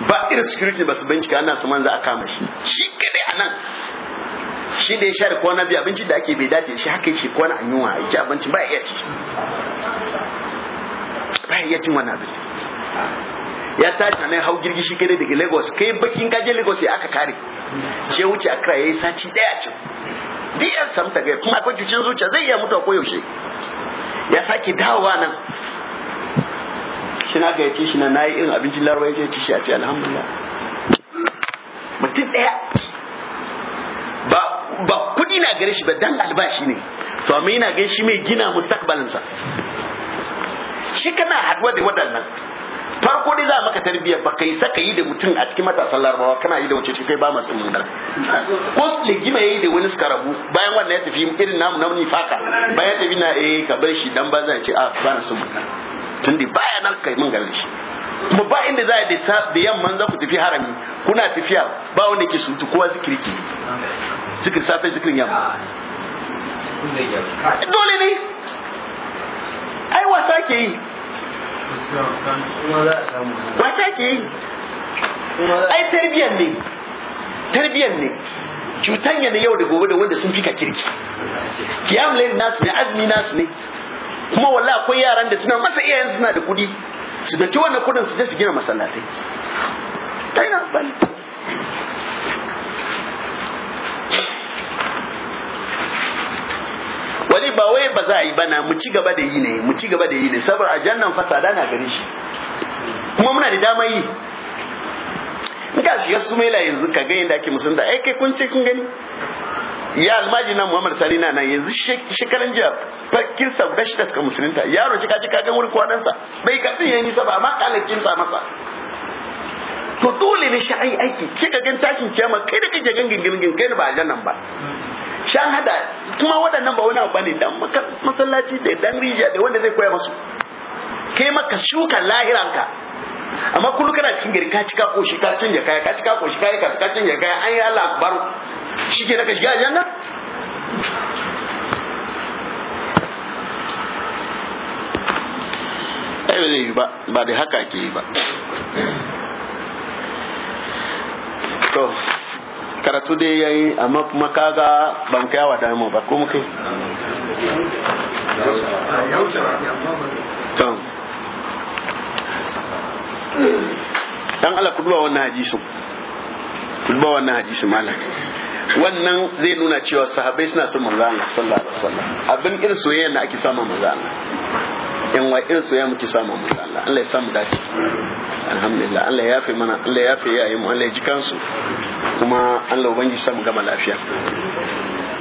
[SPEAKER 1] ba irin security ba su bincika ana su manza a kama shi shi kadai a nan shi da ya share kwana biya abinci da ake bai dace shi haka yake kwana an yunwa ya ci abinci ba ya iya ci ba ya iya cin wani abinci ya tashi nan hau girgishi shi kare daga lagos kai bakin kaje lagos ya aka kare ce wuce akra yayi sati daya ce diyar samta ga kuma akwai cucin zuciya zai iya mutuwa koyaushe ya sake dawowa nan shi na gayyace shi na nayi irin abincin larabawa ya ce shi a ce alhamdulillah mutum daya ba ba kudi na gare shi ba dan albashi ne to amma yana gare shi mai gina mustaqbalinsa shi kana haduwa da waɗannan farko dai za maka tarbiyya ba kai saka yi da mutum a cikin matasan larabawa kana yi da wace kai ba masu mun ko su ligima yayi da wani suka bayan wannan ya tafi irin namu na faka bayan tafi na eh ka bar shi dan ah, ba zan ce a ba sun mun da baya nan kai mun gare shi kuma ba inda za a da yamma za ku tafi harami kuna tafiya ba wanda ke sutu kowa zikiri ke zikir safe zikirin yamma dole ne ai wasa ke yi wasa ke yi ai tarbiyyar ne tarbiyyar ne cutanya da yau da gobe da wanda sun fika kirki kiyamlain nasu ne azumi nasu ne kuma wala akwai yaran da suna masa iyayen suna da kudi su da wannan kudin su je su gina masallatai ta na bali wani ba wai ba za a yi bana mu ci gaba da yi ne mu ci gaba da yi ne saboda a jannan fasada na gare shi kuma muna da dama yi in ka shiga sumaila yanzu ka ga yadda ake musulunta ai kai kun ce kun gani ya almaji na muhammad sani na nan yanzu shekaran jiya farkin sa guda shi suka musulunta yaro ce kaji kagan wurin kwanansa bai ka ya nisa ba amma kalakin sa masa to dole ne shi ai aiki ce ka gan tashin kiyama kai da kike gan gingirin kai ba ba jannan ba shan hada kuma waɗannan ba wani abu bane dan masallaci da dan rijiya da wanda zai koya masu kai maka shuka lahiranka amma kullu kana cikin gari ka cika koshi ka canja kaya ka cika koshi kaya ka cika canja kaya an yi Allah akbar shike naka shiga janna ai ba ba ba da haka ke yi ba to karatu da ya yi amma kuma kaga ban kai wa damu ba ko muke dan ala kuduwa wannan hadisin kuduwa wannan hadisin malam wannan zai nuna cewa sahabbai suna son manzo Allah sallallahu alaihi wasallam abin irin soyayya da ake samu manzo Allah in wa irin soyayya muke samu manzo Allah Allah ya samu dace alhamdulillah Allah ya yafe mana Allah ya yafe yayin mu Allah ya ji kansu kuma Allah ubangiji samu gama lafiya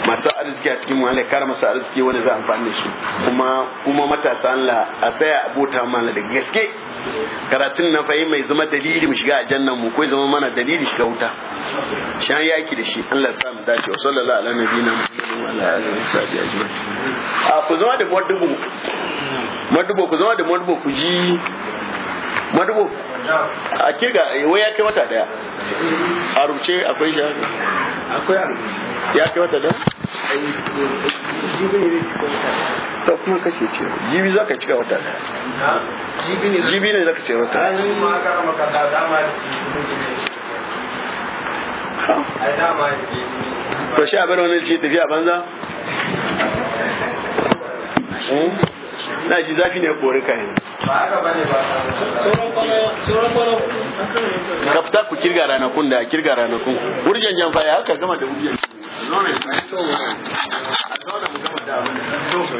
[SPEAKER 1] masu arziki a cikin wani kara masu arziki wanda za a amfani da su kuma kuma matasa Allah a saya abota mana da gaske karatun na fahim mai zama dalili mu shiga aljanna mu ko zama mana dalili shiga wuta shan yaki da shi Allah ya sa mu dace wa sallallahu alaihi wa sallam a ku zama da madubo madubo ku zama da madubo ku ji madubo a kirga wai ya kai wata daya a rubuce akwai shi akwai a rubuce ya kai wata daya ta kuma kashe ce jibi za ka cika wata daya jibi ne za ka ce wata daya to shi abin wani ce tafiya banza hmm? na ji zafi ne kori ka yanzu ka fita ku kirga ranakun da kirga ranakun wurjan jamfa ya haka gama da a zauna gama da